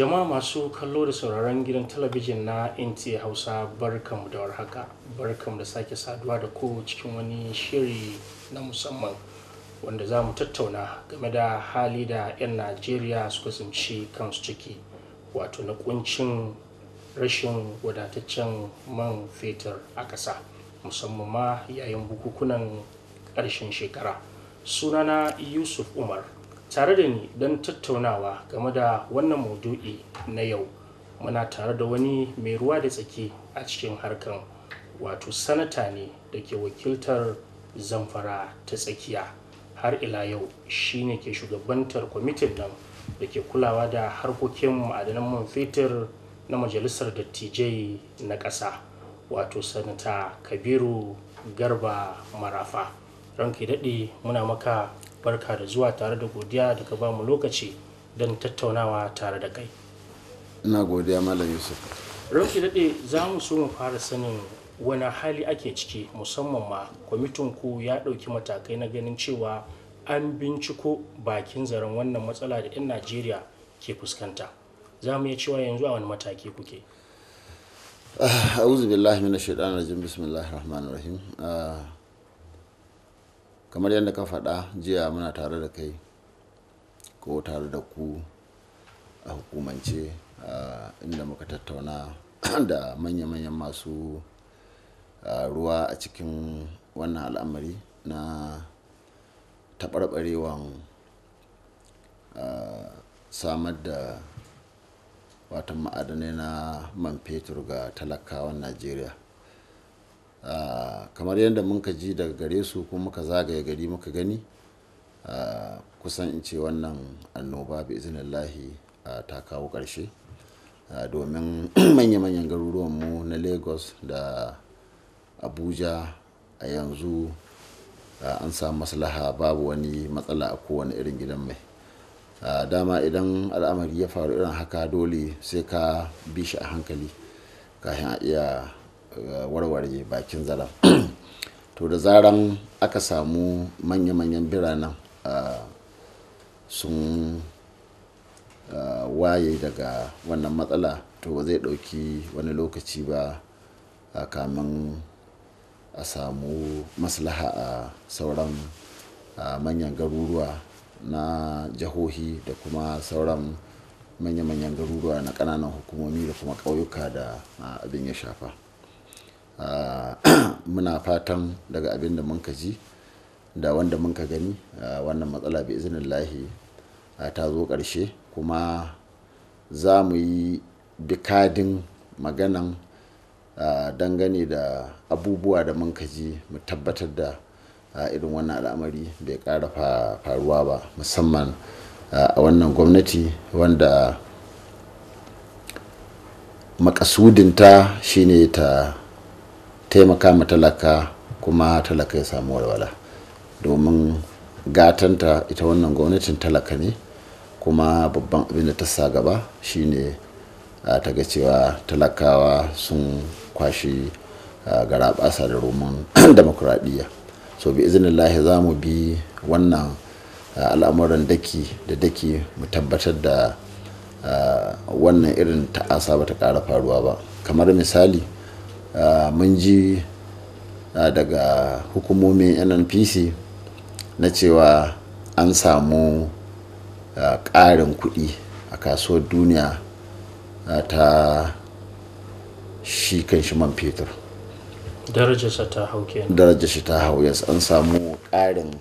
jama'a masu kallo da sauraron gidan talabijin na inti hausa barkamu da warhaka barkamu da sake saduwa da ku cikin wani shiri na musamman wanda za mu tattauna game da hali da 'yan najeriya suka tsinci kansu ciki wato na kuncin rashin wadataccen man fetur a ƙasa musamman ma yayin bukukunan ƙarshen shekara sunana yusuf umar tare da ni don tattaunawa game da wannan maudu'i na yau muna tare da wani mai ruwa da tsaki a cikin harkan wato sanata ne da ke wakiltar zamfara ta tsakiya har ila yau shine ke shugabantar kwamitin nan da ke kulawa da harkokin ma'adanan man fetur na majalisar dattijai na ƙasa wato sanata kabiru garba marafa ranka daɗe muna maka barka da zuwa tare da godiya da ka bamu lokaci don tattaunawa tare da kai ina godiya malam yusuf rauki daɗe za mu so mu fara sanin wani hali ake ciki musamman ma kwamitin ku ya ɗauki matakai na ganin cewa an binciko bakin zaren wannan matsala da 'yan najeriya ke fuskanta za mu iya cewa yanzu a wani mataki kuke ah, a'udhu billahi minash shaitanir jin bismillahir kamar yadda ka faɗa jiya muna tare da kai ko tare da ku a hukumance inda muka tattauna da manya-manyan masu ruwa a cikin wannan al'amari na taɓarɓarewan samar da watan ma'adanai na man fetur ga talakawan najeriya Ah, kamar yadda muka ji daga gare su kuma muka zagaye gari muka gani ah, kusan in ce wannan annoba bi lahi ah, ta kawo ƙarshe domin manya-manyan garuruwanmu na lagos da abuja a yanzu an samu maslaha babu wani matsala a kowane irin gidan mai dama idan al'amari ya faru irin haka dole sai ka bi shi a hankali kafin a iya warware bakin zara to da zaran aka samu manya-manyan biranen sun waye daga wannan matsala to ba zai ɗauki wani lokaci ba a kamin a samu maslaha a sauran manyan garuruwa na jihohi da kuma sauran manya-manyan garuruwa na ƙananan hukumomi da kuma ƙauyuka da abin ya shafa Ah, muna fatan daga abin da muka ji da wanda muka gani ah, wannan matsala bi izinin lahi ah, ta zo ƙarshe kuma za mu yi bikadin maganan dangane da abubuwa da muka ji mu tabbatar da irin wannan al'amari bai ƙara faruwa ba musamman a wannan gwamnati wanda makasudinta shine ta taimaka ma talaka kuma talaka ya samu walwala domin gatanta ita wannan gwamnatin talaka ne kuma babban abin da ta sa gaba shine ta ga cewa talakawa sun kwashi gara basa da roman demokuraɗiyya so bi izinin za mu bi wannan al'amuran daki da daki mu tabbatar da wannan irin ta'asa ba ta ƙara faruwa ba kamar misali Ah, mun ji ah, daga hukumomin nnpc na cewa an samu ah, ƙarin kuɗi a kasuwar duniya ta shi kan shi man fetur darajarsa ta ta hau yes an samu ƙarin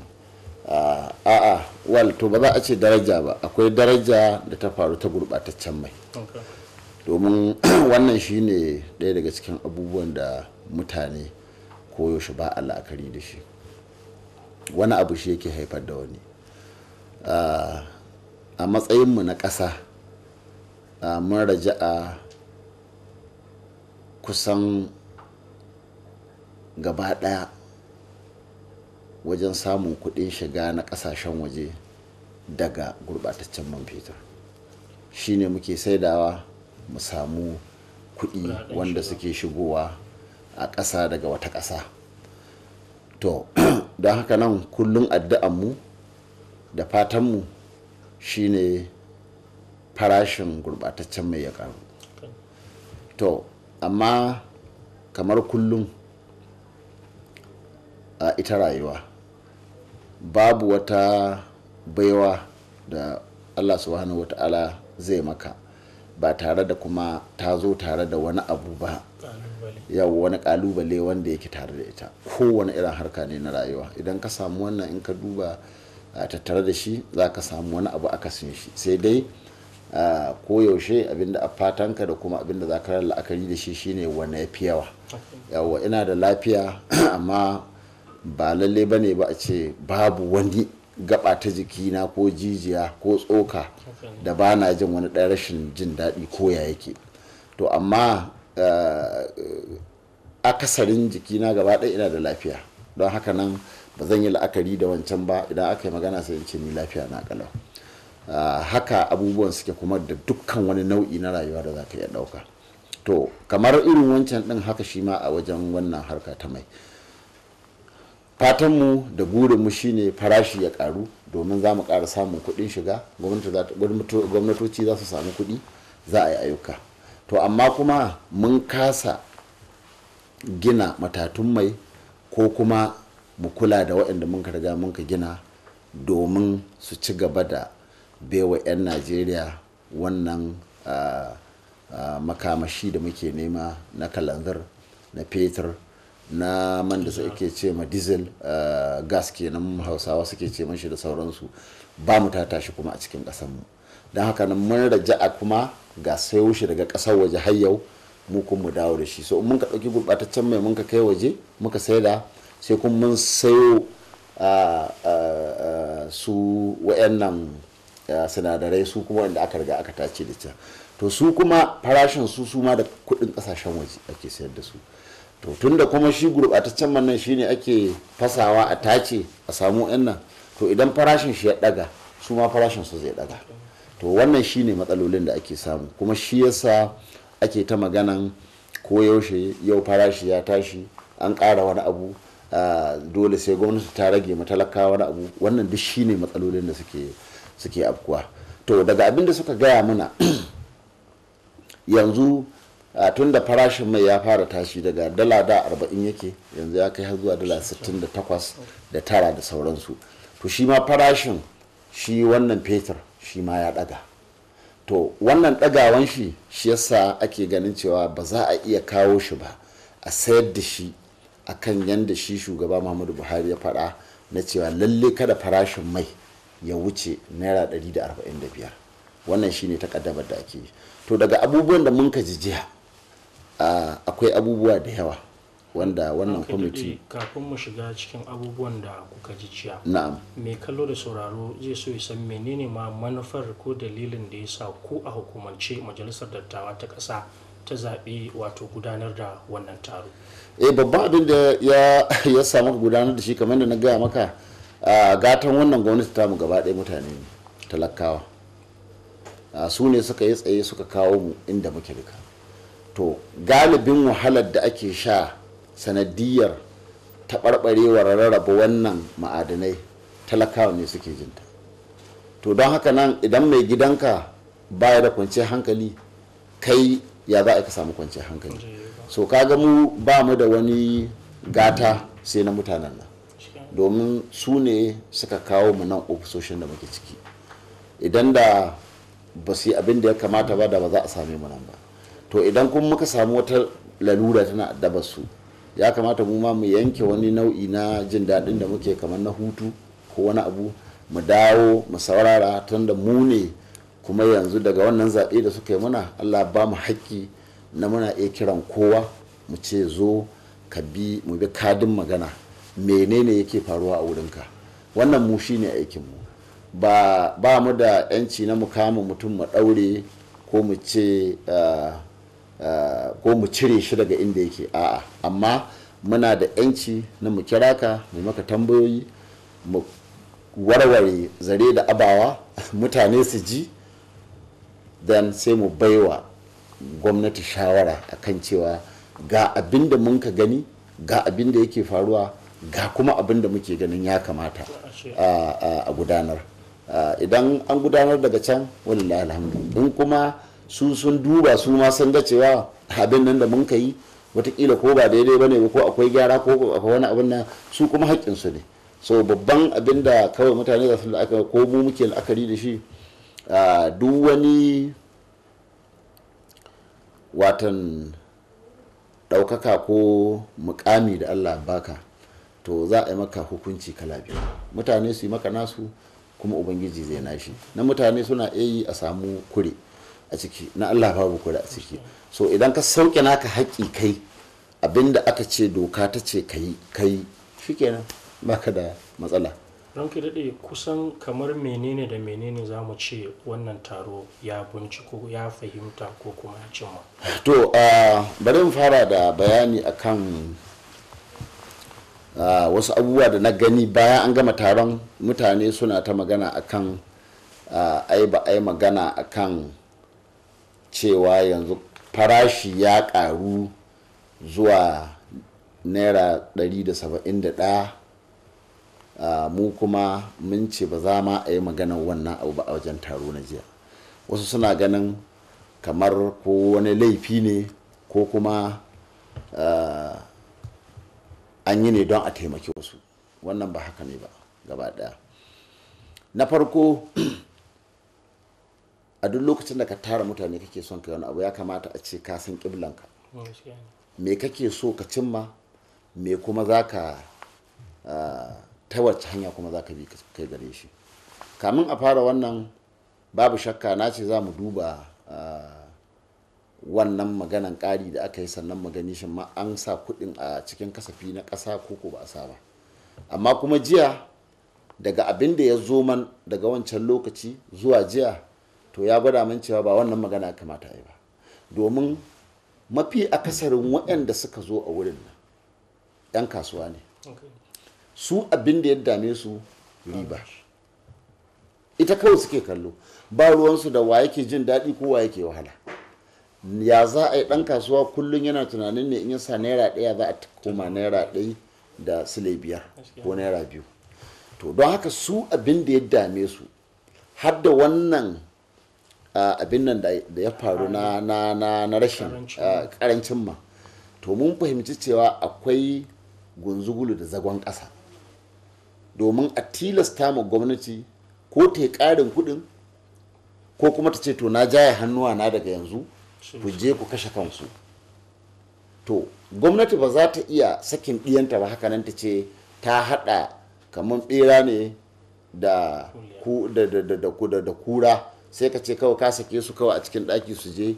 a'a wal to ba za a ce daraja ba akwai daraja da ta faru ta gurɓataccen mai domin wannan shine ɗaya daga cikin abubuwan da mutane koyaushe ba a la'akari da shi wani abu shi yake haifar da wani a matsayinmu na ƙasa mun raja'a kusan gaba ɗaya wajen samun kuɗin shiga na ƙasashen waje daga gurɓataccen man fetur shine muke saidawa mu samu kuɗi wanda suke shigowa a ƙasa daga wata ƙasa to don haka nan kullum addu'anmu da fatanmu shine farashin gurɓataccen mai ya ƙaru to amma kamar kullum a ita rayuwa babu wata baiwa da allah subhanahu wa ta'ala zai maka ba tare da kuma ta zo tare da wani abu ba yau wani kalubale wanda yake tare da ita kowane irin harka ne na rayuwa idan ka samu wannan in ka duba tattare da shi za ka samu wani abu aka sun shi sai dai koyaushe abinda a fatanka da kuma abinda za ka la'akari da shi shine wani ya fi yawa yawa ina da lafiya amma ba lalle ba ne ba a ce babu wani gaba ta jikina ko jijiya ko tsoka da ba na jin wani ɗan rashin jin daɗi ko ya yake to amma eh, akasarin jikina gaba ɗaya ina da lafiya don haka nan ba zan yi la'akari da wancan ba idan aka yi magana sai ce ni lafiya na kalau ah, haka abubuwan suke kuma da dukkan wani nau'i na rayuwa da za ka iya ɗauka to kamar irin wancan ɗin haka shi ma a wajen wannan harka ta mai fatanmu da burinmu shine farashi ya karu domin za mu ƙara samun kuɗin shiga gwamnatoci za su samu kuɗi za a yi ayyuka to amma kuma mun kasa gina matatun mai ko kuma mu kula da waɗanda mun riga mun ka gina domin su ci gaba da baiwa 'yan najeriya wannan ah, ah, makamashi da muke nema na kalanzar na fetur na man da suke ce ma diesel eh, gas kenan hausawa suke ce shi da sauransu ba mu ta tashi kuma a cikin mu don haka nan mun raja a kuma ga sai shi daga ƙasar waje har yau mu kuma mu dawo da shi so mun ka ɗauki gurɓataccen mai mun ka kai waje muka saida sai kun mun sayo eh, eh, su wa'annan sinadarai su kuma wanda aka riga aka tace da can to su kuma farashin su su ma da kuɗin ƙasashen waje ake sayar da su to da kuma shi gurɓataccen man nan shine ake fasawa a tace a samu yan nan to idan farashin shi ya daga su ma farashin su zai daga to wannan shine matsalolin da ake samu kuma shi yasa ake ta maganan ko yaushe yau farashi ya tashi an ƙara wani abu dole sai gwamnati ta rage matalaka wani abu wannan duk shine matsalolin da suke suke afkuwa to daga abin da suka gaya mana yanzu a tun da farashin mai ya fara tashi daga dala da arba'in yake yanzu ya kai har zuwa dala sittin da takwas da tara da sauransu to shi ma farashin shi wannan fetur shi ma ya daga to wannan dagawan shi shi yasa ake ganin cewa ba za a iya kawo shi ba a sayar da shi a kan yadda shi shugaba muhammadu buhari ya faɗa na cewa lalle kada farashin mai ya wuce naira da da arba'in biyar wannan shine takaddamar da ake yi to daga abubuwan da mun ka jijiya akwai abubuwa da yawa wanda wannan kwamiti kafin mu shiga cikin abubuwan da kuka ji ciya na'am mai kallo da sauraro zai so ya san menene ma manufar ko dalilin da ya sa ku a hukumance majalisar dattawa ta ƙasa ta zaɓi wato gudanar da wannan taro eh babban abin da ya ya samu gudanar da shi kamar da na gaya maka a gatan wannan gwamnati ta mu gaba ɗaya mutane talakawa su ne suka yi tsaye suka kawo mu inda muke duka to galibin wahalar da ake sha sanadiyar taɓarɓarewar rarraba wannan ma'adinai talakawa ne suke jinta to don haka nan idan mai gidanka baya da kwanciyar hankali kai ya za a ka samu kwanciyar hankali so kaga mu ba mu da wani gata sai na mutanen nan domin su ne suka kawo mu nan ofisoshin da muke ciki idan da ba su yi abin da ya kamata ba da ba za a same mu nan ba to idan kun muka samu wata lalura tana addabar su ya kamata mu ma mu yanke wani nau'i na jin daɗin da muke kamar na hutu ko wani abu mu dawo mu saurara tun da mu ne kuma yanzu daga wannan zaɓe da suka yi muna allah ba mu haƙƙi na muna iya kiran kowa mu ce zo ka bi mu bi kadin magana menene yake faruwa a wurinka wannan mu shi ne aikinmu ba ba mu da 'yanci na mu kama mutum mu ɗaure ko mu ce ah, Eh, ko mu cire shi daga inda yake a'a amma muna da 'yanci na mu kira ka mu maka tambayoyi mu warware zare da abawa mutane su ji dan sai mu baiwa gwamnati shawara akan cewa ga abin da mun ka gani ga abin da yake faruwa ga kuma abin da muke ganin ya kamata a gudanar eh, idan an gudanar daga can wani alhamdu in kuma su sun duba su ma sun ga cewa abin nan da mun ka yi watakila ko ba daidai ba ne ko akwai gyara ko akwai wani abin nan su kuma haƙƙinsu ne so babban abin da kawai mutane za su la'akari ko mu muke la'akari da shi duk wani watan ɗaukaka ko mukami da allah baka to za a yi maka hukunci kala biyu mutane su yi maka nasu kuma ubangiji zai nashi na mutane suna iya yi a samu kure a ciki na Allah babu kura a ciki so idan ka sauke naka haƙi kai abinda aka ce doka ta ce kai kai shikenan baka da matsala da daɗe kusan kamar menene da menene za mu ce wannan taro ya binciko ya fahimta ko kuma ya cimma to bari mu fara da bayani akan uh, wasu abubuwa da na gani bayan an gama taron mutane suna ta magana akan uh, ai ba ai magana akan cewa yanzu farashi ya karu zuwa naira 171 mu kuma mun ce ba za ma a yi maganar wannan abu ba a wajen taro na jiya wasu suna ganin kamar ko wani laifi ne ko kuma an yi ne don a taimaki wasu wannan ba haka ne ba gaba daya na farko a duk lokacin da ka tara mutane kake son ka wani abu ya kamata a ce ka san kiblanka me kake so ka cimma me kuma za ka ta hanya kuma za ka bi kai gare shi kamin a fara wannan babu shakka na ce za mu duba wannan maganan ƙari da aka yi sannan magani shi ma an sa kuɗin a cikin kasafi na ƙasa ko ko ba a sa ba amma kuma jiya daga abin da ya zo man daga wancan lokaci zuwa jiya to ya gwada min cewa ba wannan magana ya kamata yi ba domin mafi akasarin waɗanda suka zo a wurin nan 'yan kasuwa ne su abin da ya dame su riba ita kawai suke kallo ba ruwansu da wa yake jin daɗi ko wa yake wahala ya za a yi ɗan kasuwa kullum yana tunanin ne in yasa naira ɗaya za a koma naira ɗaya da sile biyar ko naira biyu to don haka su abin da ya dame su har da wannan abin nan da ya faru na rashin karancin ma to mun fahimci cewa akwai gunzugulu da zagon ƙasa domin a tilasta ma gwamnati ko ta yi ƙarin kuɗin ko kuma ta ce to na jaya hannuwa na daga yanzu ku je ku kashe kansu to gwamnati ba za ta iya sakin ɗiyanta ba haka nan ta ce ta haɗa kamar bera ne da kura sai ka ce kawai ka sake su kawai a cikin ɗaki su je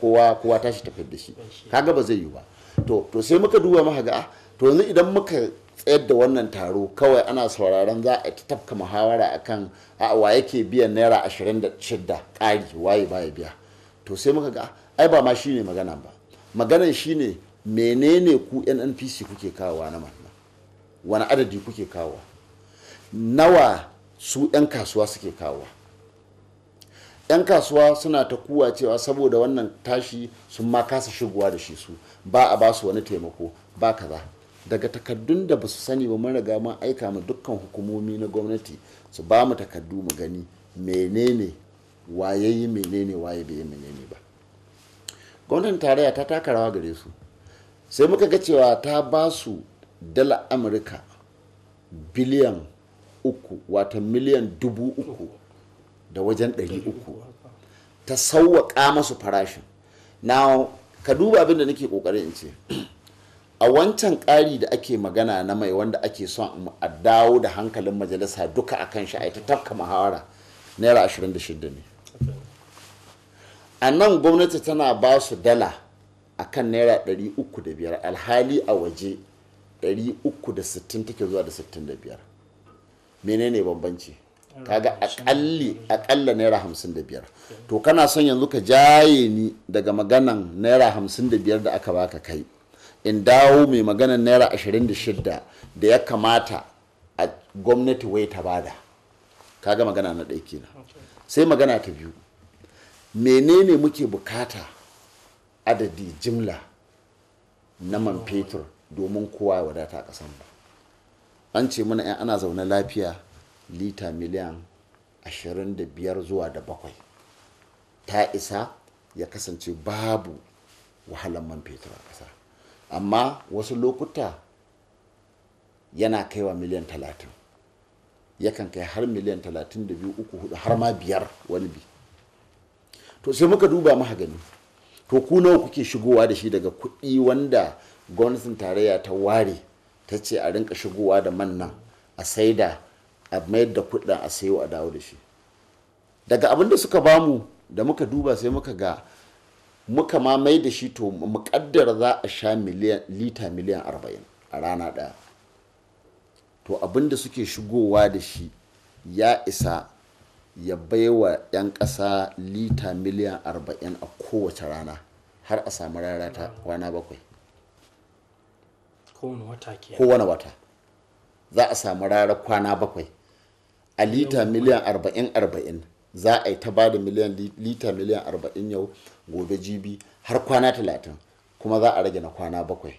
kowa kowa tashi tafiyar da shi kaga ba zai yi ba to sai muka duba maka ga ah, to yanzu idan muka tsayar da wannan taro kawai ana sauraron za a ta tafka muhawara akan a wa yake biyan naira ashirin da shidda ƙari waye baya biya to sai muka ga ah, ai ba ma shi ne magana ba shi ne menene ku nnpc kuke kawowa na wani adadi kuke kawowa nawa su 'yan kasuwa suke kawo 'yan kasuwa suna ta kuwa cewa saboda wannan tashi sun ma kasa shigowa da shi su ba a ba su wani taimako ba kaza daga takardun da ba su sani ba mun riga mun aika ma dukkan hukumomi na gwamnati su ba mu takaddu mu gani menene waye yi menene waye bai menene ba gwamnatin tarayya ta taka rawa gare su sai muka ga cewa ta ba su dala amurka biliyan uku wata miliyan dubu uku da wajen ɗari uku ta sauwaƙa masu farashin na ka duba abin da nake ƙoƙarin in ce a wancan ƙari da ake magana na mai wanda ake son a dawo da hankalin majalisa duka a kan shi a tafka muhawara naira 26 ne a nan gwamnati tana ba su dala a kan naira 305 alhali a waje 360 take zuwa da 65 menene bambanci kaga akalli akalla naira hamsin da biyar to kana son yanzu ka jaye ni daga maganan naira hamsin da biyar da aka baka kai in dawo mai maganan naira ashirin da shidda da ya kamata a gwamnati wai ta bada kaga magana na ɗaya kenan sai magana ta biyu menene muke bukata adadi jimla na man fetur domin kowa ya wadata a ƙasan ba an ce mana yan ana zaune lafiya lita miliyan 25 zuwa da bakwai ta isa ya kasance babu wahalar man fetur a ƙasa amma wasu lokuta yana kaiwa miliyan 30 yakan kai har miliyan 32 uku hudu har ma biyar wani bi to sai muka duba maha gani to ku nawa kuke shigowa da shi daga kuɗi wanda gwamnatin tarayya ta ware ta ce a rinka shigowa da man nan a saida a mayar da kudin a sayo a dawo da shi daga abin da suka bamu da muka duba sai muka ga muka ma mai da shi to muƙaddar za a sha lita miliyan arba'in a rana ɗaya to abin da suke shigowa da shi ya isa ya baiwa 'yan ƙasa lita miliyan arba'in a kowace rana har a samu rarata kwana bakwai kowane wata za a samu rarar kwana bakwai a lita miliyan arba'in arba'in za a yi ta ba da lita miliyan arba'in yau gobe jibi har kwana talatin kuma za a rage na kwana bakwai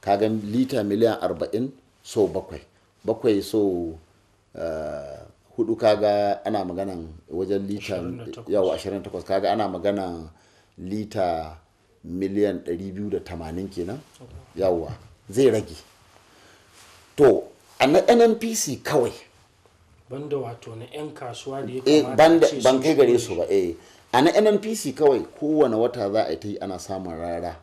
kaga lita miliyan arba'in so bakwai bakwai so eh, hudu kaga ana maganan wajen lita yawa 28 kaga ana maganan lita miliyan 280 kenan yawa zai rage to a na nnpc kawai banda wato na 'yan kasuwa da ya eh, kamata ce ban kai gare su ba eh a na nnpc kawai kowane wata za a yi ta yi ana samun rara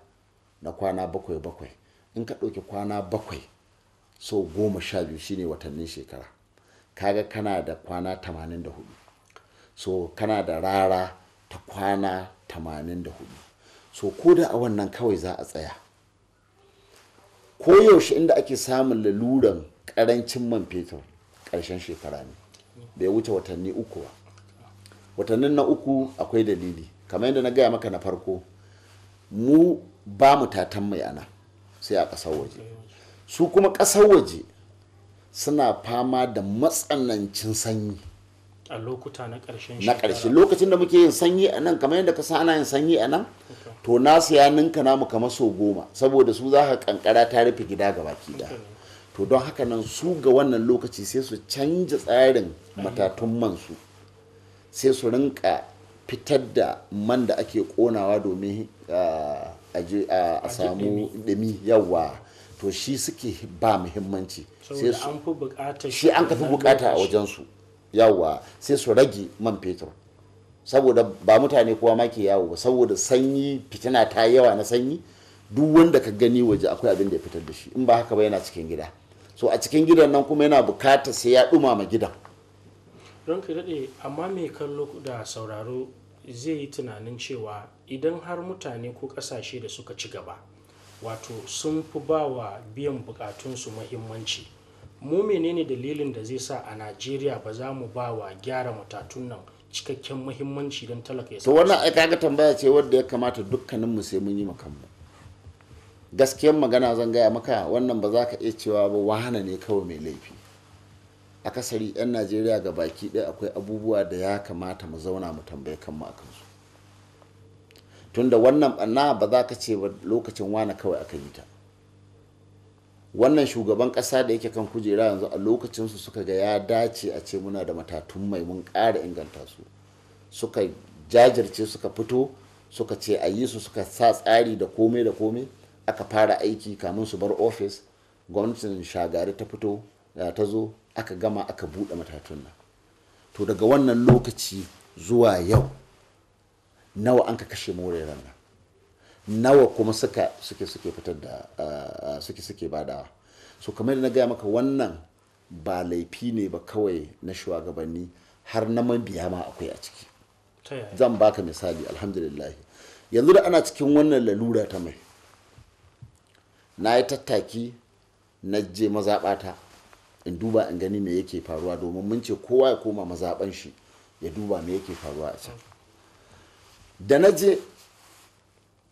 na kwana bakwai bakwai in ka ɗauki kwana bakwai so goma sha biyu shine watannin shekara kaga kana da kwana tamanin da hudu. so kana da rara ta kwana tamanin da hudu. so ko da a wannan kawai za a tsaya koyaushe inda ake samun laluran karancin man fetur karshen shekara ne da ya wuce watanni uku ba watannin na uku akwai dalili kamar yadda na gaya maka na farko mu ba mu tatan mai ana sai a ƙasar waje su kuma ƙasar waje suna fama da matsanancin sanyi a lokuta na ƙarshen na lokacin da muke yin sanyi a nan kamar yadda ka ana yin sanyi a nan to nasu ya ninka namu kamar sau goma saboda su za ka kankara ta rufe gida ga baki da to don haka nan su ga wannan lokaci sai su canja tsarin matatun man su sai su rinka fitar da man da ake konawa domin a samu dumi yawa to shi suke ba muhimmanci shi an ka fi bukata a wajensu yawa sai su rage man fetur saboda ba mutane kowa ma ke yawo ba saboda sanyi fitina ta yawa na sanyi duk wanda ka gani waje akwai abin da ya fitar da shi in ba haka ba yana cikin gida so a cikin gidan nan kuma yana bukata sai ya dumama gidan don ka daɗe amma mai kallo da sauraro zai yi tunanin cewa idan har mutane ko ƙasashe da suka ci gaba wato sun fi ba wa biyan bukatunsu muhimmanci mu menene dalilin da zai sa a najeriya ba za mu ba wa gyara matatun nan cikakken muhimmanci don talaka ya to wannan ai kaga tambaya ce wanda ya kamata dukkanin mu sai mun yi kanmu gaskiyar magana zan gaya maka wannan ba za ka iya cewa ba wahana ne kawai mai laifi akasari 'yan najeriya ga baki ɗaya akwai abubuwa da ya kamata mu zauna mu tambaye kanmu akan su tunda wannan ɓanna ba za ka ce ba lokacin wana kawai aka yi ta wannan shugaban kasa da yake kan kujera yanzu a lokacin su suka ga ya dace a ce muna da matatun mai mun ƙara inganta su suka jajirce suka fito suka ce a yi su suka sa tsari da komai da komai aka fara aiki kamun su bar ofis gwamnatin shagari ta fito ta zo aka gama aka buɗe matatun nan to daga wannan lokaci zuwa yau nawa an ka kashe more ranar nawa kuma suka suke suke fitar da suke suke badawa so kamar na gaya maka wannan ba laifi ne ba kawai na shugabanni har na mabiya ma akwai a ciki zan baka misali alhamdulillah yanzu da ana cikin wannan lalura ta mai na yi tattaki na je mazaɓata in duba in gani me yake faruwa domin mun ce kowa ya koma mazaɓan shi ya duba me yake faruwa a can da na je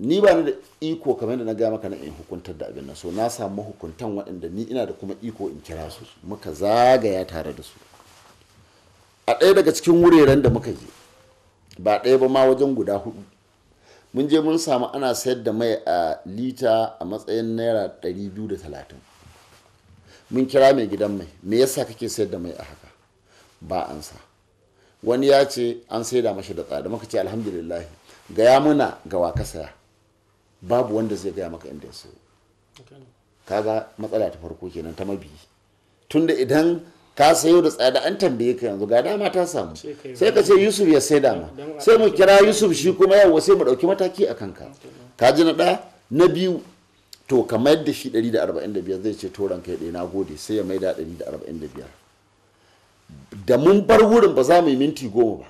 ni ba ni da iko kamar da na gaya maka na in hukuntar da abin nan so na samu hukuntan waɗanda ni ina da kuma iko in kira su muka zagaya tare da su a ɗaya daga cikin wuraren da muka je ba ɗaya ba ma wajen guda hudu mun je mun samu ana sayar da mai a lita a matsayin naira ɗari biyu da talatin mun kira mai gidan mai me yasa kake sayar da mai a haka ba an wani ya ce an sai da mashi da tsada muka ce alhamdulillah gaya muna gawa ka saya babu wanda zai gaya maka inda ya sayo kaga matsala ta farko kenan ta mabi tunda idan ka sayo da tsada an tambaye ka yanzu ga dama ta samu sai ka ce yusuf ya sai dama sai mu kira yusuf shi kuma yawa sai mu ɗauki mataki a kanka ka ji na na biyu to ka mayar da shi 145 zai ce toron kai ya na gode sai ya maida 145 da mun bar wurin ba za mu yi minti goma ba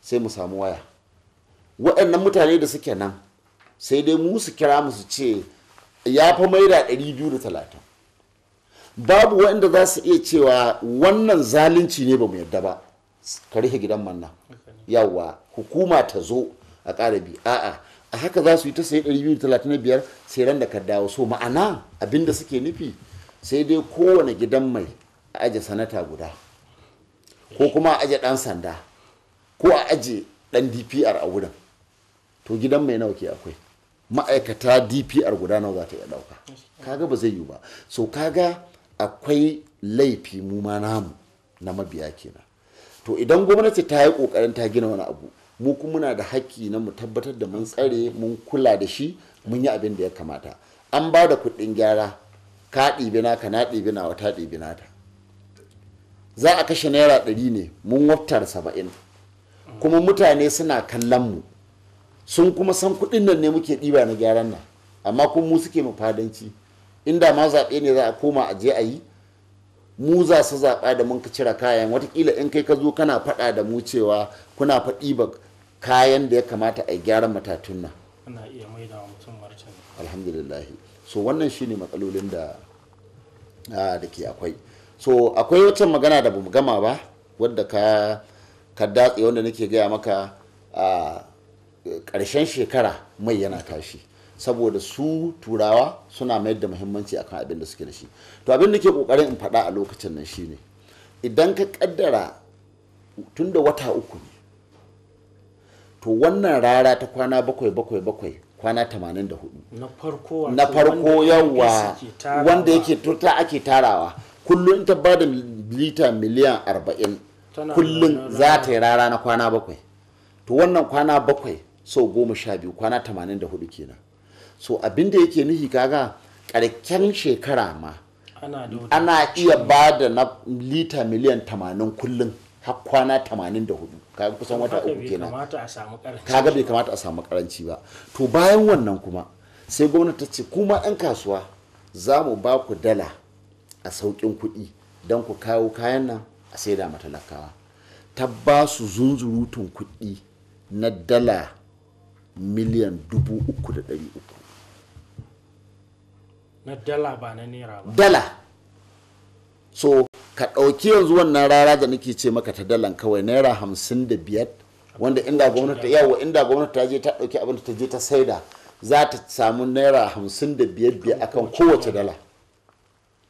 sai mu samu waya waɗannan mutane da suke nan sai dai mu su kira mu su ce ya fa maida 230 babu wanda za su iya cewa wannan zalunci ne ba mu yadda ba ka gidan manna yawa hukuma ta zo a ƙarabi a'a a haka za su yi ta sai 235 sai ran da ka dawo so ma'ana abinda suke nufi sai dai kowane gidan mai a aje sanata guda ko kuma a aje dan sanda ko a aje dan dpr a wurin to gidan mai nawa ke akwai ma'aikata dpr guda nawa za ta iya dauka kaga ba zai yi ba so kaga akwai laifi mu ma namu na mabiya kenan to idan gwamnati ta yi kokarin ta gina wani abu mu kuma muna da haƙƙi na mu tabbatar da mun tsare mun kula da shi mun yi abin da ya kamata an ba da kuɗin gyara ka ɗibi naka na ɗibi nawa ta ɗibi nata za a kashe naira ɗari ne mun wata saba'in kuma mutane suna kallon mu sun kuma san kuɗin nan ne muke ɗiba na gyaran nan amma kun mu suke mu fadanci inda ma zaɓe ne za a koma a je a yi mu za su zaɓa da mun ka cire kayan watakila in kai ka zo kana faɗa da mu cewa kuna faɗi ba kayan da ya kamata a gyaran matatun nan ana iya so wannan shine matsalolin da da ke akwai so akwai wata magana da bamu gama ba wadda ka ka datse wanda nake gaya maka a ah, ƙarshen shekara mai yana tashi saboda su turawa suna mayar da muhimmanci akan abin da suke da shi to abin da ke kokarin in faɗa a lokacin nan shine idan ka ƙaddara tun da wata uku ne to wannan rara ta kwana bakwai bakwai bakwai kwana 84 na farko yawa wanda yake tuta ake tarawa kullum ta ba da lita miliyan 40 kullum za ta yi rara na kwana bakwai to wannan kwana bakwai sau goma sha biyu kwana tamanin da hudu kenan so abin da yake nufi kaga karken shekara ma ana iya ba da na lita miliyan tamanin kullum har kwana tamanin da hudu kaga kusan wata uku kenan kaga bai kamata a samu karanci ba to bayan wannan kuma sai gwamnati ta ce kuma yan kasuwa za mu ba ku dala a sauƙin kuɗi don ku kawo kayan nan a saida matalakawa ta ba su zunzurutun kuɗi na dala miliyan dubu uku da ɗari uku na dala ba na naira ba dala so ka ɗauki yanzu wannan rara da nake ce maka ta dalan kawai naira hamsin da biyar wanda inda gwamnati yawo inda gwamnati ta je ta ɗauki abin ta je ta saida za ta samu naira hamsin da biyar biyar akan kowace dala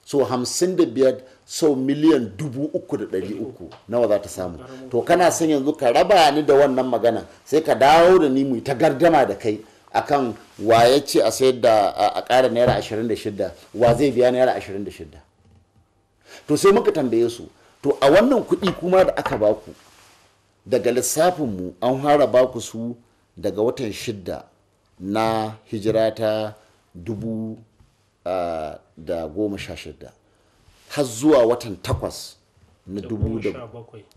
so hamsin da biyar sau miliyan dubu uku da ɗari uku nawa za ta samu to kana son yanzu ka raba ni da wannan magana sai ka dawo da ni mu ta gardama da kai akan wa ya ce a sayar da a ƙara naira ashirin da shida wa zai biya naira ashirin da shida to sai muka tambaye su to a wannan kuɗi kuma da aka baku daga lissafinmu an fara baku su daga watan shidda na hijirata dubu ah, da goma sha shida har zuwa watan takwas na dubu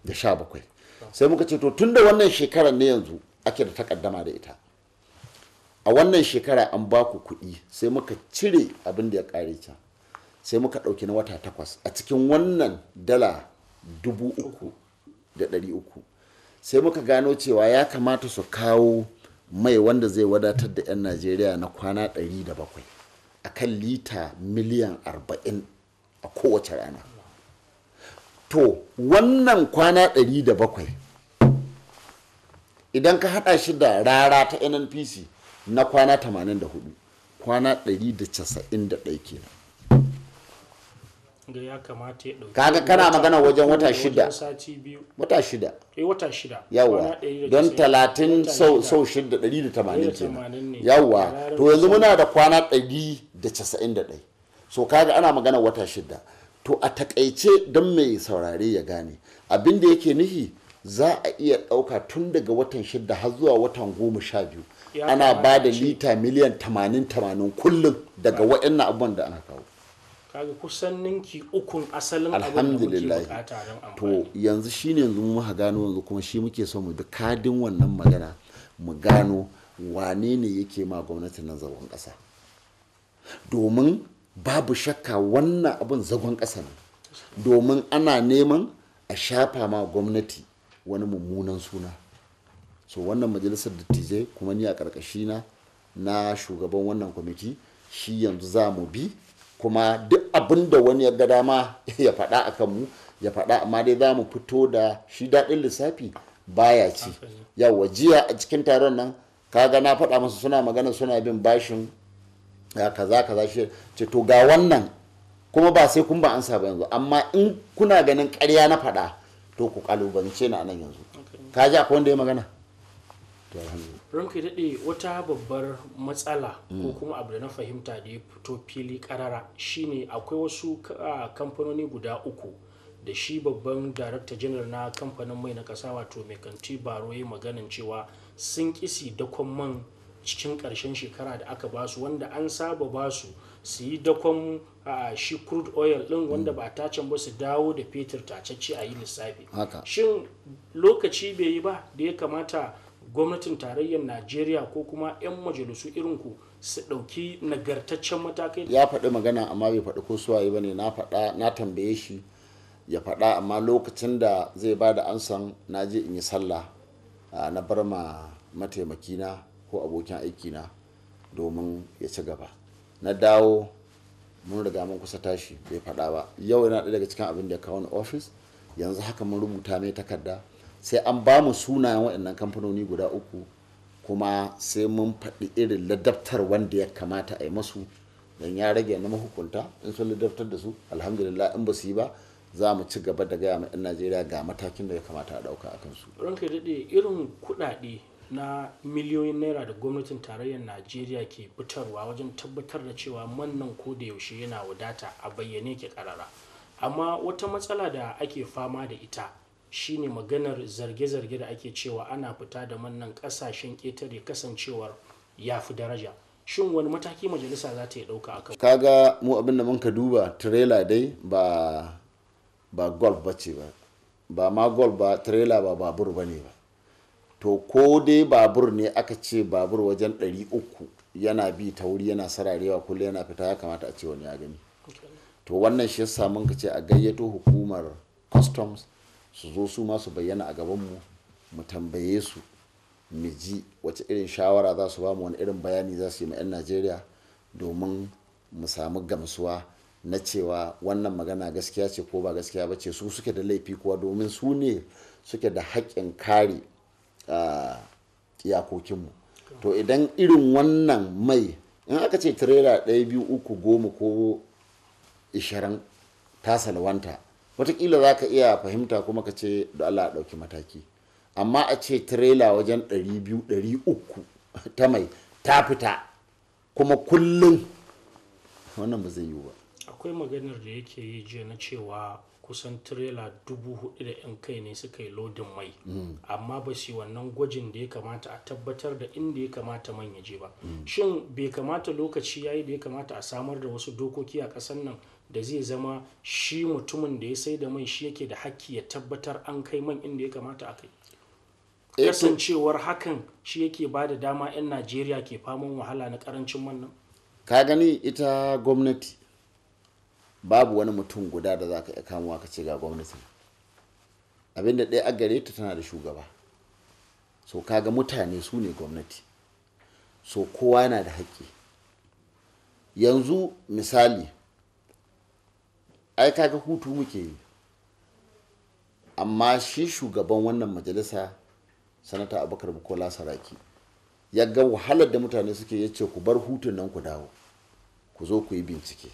da sha bakwai sai muka ce to tun da wannan shekarar ne yanzu ake da takaddama da ita a wannan shekara an ba ku kuɗi sai muka cire abin da ya ƙare can sai muka ɗauki na wata takwas a cikin wannan dala dubu uku da ɗari uku sai muka gano cewa ya kamata su kawo mai wanda zai wadatar da 'yan najeriya na kwana ɗari 700 a kan lita miliyan arba'in. a kowace rana to wannan kwana 107 idan ka hada shi da rara ta nnpc na kwana 84 kwana 191 kenan ga ya kamata ya kaga kana magana wajen wata shida wata shida eh wata shida yawa don 30 sau sau shida 180 kenan yawa to yanzu muna da kwana 191 so kaga ana magana wata shida to a takaice don mai saurare ya gane abin da yake nihi za a iya ɗauka tun daga watan shida har zuwa watan goma sha biyu ana ba da lita miliyan tamanin tamanin kullum daga waɗannan abubuwan da ana kawo kaga kusan ninki ukun asalin abin da muke bukata to yanzu shine yanzu mu ha gano yanzu kuma shi muke so mu bi kadin wannan magana mu gano wane ne yake ma gwamnati na zagon kasa domin babu shakka wannan abin zagon ƙasa ne domin ana neman a shafa ma gwamnati wani mummunan suna so wannan majalisar dattijai kuma ni a ƙarƙashi na na shugaban wannan kwamiti shi yanzu za mu bi kuma duk abin da wani ya ga dama ya faɗa a kanmu ya faɗa amma dai za mu fito da shi daɗin lissafi baya ce yawa jiya a cikin taron nan kaga na faɗa masu suna magana suna bin bashin kaza kaza shi ce to ga wannan kuma ba sai kun ba an saba yanzu amma in kuna ganin karya na faɗa to ku kalubance na nan yanzu ka ji akwai wanda ya magana ranka daɗe wata babbar matsala ko mm. kuma abu da na fahimta da ya fito fili karara shine akwai wasu kamfanoni guda uku da shi babban darakta janar na kamfanin mai na ƙasa wato mai kanti baro ya maganin cewa sun kisi dakon man cikin ƙarshen shekara da aka basu wanda an saba basu su yi dakon shi crude oil ɗin wanda ba tacen ba su dawo da fetur tacacce a yi lissafi shin lokaci bai yi ba da ya kamata gwamnatin tarayyar najeriya ko kuma 'yan majalisu irin ku su ɗauki nagartaccen matakai ya faɗi magana amma bai faɗi ko suwaye ba ne na faɗa na tambaye shi ya faɗa amma lokacin da zai ba da ansan na je in yi sallah na bar ma mataimakina ko abokin aiki na domin ya ci gaba na dawo mun riga mun kusa tashi bai faɗa ba yau yana ɗaya daga cikin abin da ya kawo ni ofis yanzu haka mun rubuta mai takarda sai an ba mu sunayen waɗannan kamfanoni guda uku kuma sai mun faɗi irin ladabtar wanda ya kamata a yi masu don ya rage na mahukunta in sun ladabtar da su alhamdulillah in ba su yi ba za mu ci gaba da gaya ma 'yan najeriya ga matakin da ya kamata a ɗauka a kansu ranka daɗe irin kuɗaɗe na miliyoyin naira da gwamnatin tarayyar najeriya ke fitarwa wajen tabbatar da cewa mannan koda ko da yaushe yana wadata a bayyane ke karara amma wata matsala da ake fama da ita shine maganar zarge-zarge da ake cewa ana fita da mannan kasashen ƙetare kasancewar ya fi daraja shin wani mataki majalisa za ta yi ɗauka akan kaga mu abin da muka duba tirela dai ba ba golf ba ce ba ba ma golf ba tirela ba babur ba ne ba to ko dai babur ne aka ce babur wajen 300 yana bi ta wuri yana sararewa kullum yana fita ya kamata a ce wani ya gani to wannan shi yasa mun ka ce a gayyato hukumar customs su zo su masu bayyana a gabanmu mu tambaye su mu ji wace irin shawara za su ba mu wani irin bayani za su yi ma 'yan najeriya domin mu samu gamsuwa na cewa wannan magana gaskiya ce ko ba gaskiya ba ce su suke da laifi kuwa domin su ne suke da haƙƙin kare iyakokinmu to idan irin wannan mai in aka ce tirela ɗaya biyu uku goma ko ishirin ta salwanta watakila za ka iya fahimta kuma ka ce da Allah ɗauki mataki amma a ce tirela wajen ɗari biyu ɗari uku ta mai ta fita kuma kullum wannan ba zai yiwu ba akwai maganar da yake yi jiya na cewa kusan tirela dubu hudu da yan kai ne suka yi lodin mai amma ba su wannan gwajin da ya kamata a tabbatar da inda ya kamata man je ba shin bai kamata lokaci yayi da ya kamata a samar da wasu dokoki a ƙasar nan da zai zama shi mutumin da ya sai da mai shi yake da hakki ya tabbatar an kai man inda ya kamata a kai eh, kasancewar hakan shi yake ba da dama 'yan najeriya ke faman wahala na karancin man nan ka gani ita gwamnati babu wani mutum guda da za ka iya kamuwa ka ce ga gwamnati abinda ɗaya a gare ta tana da shugaba so kaga mutane su ne gwamnati so kowa na da haƙƙi yanzu misali ai kaga hutu muke yi amma shi shugaban wannan majalisa sanata abubakar bukola saraki ya ga wahalar da mutane suke ya ce ku bar hutun nan ku dawo ku zo ku yi bincike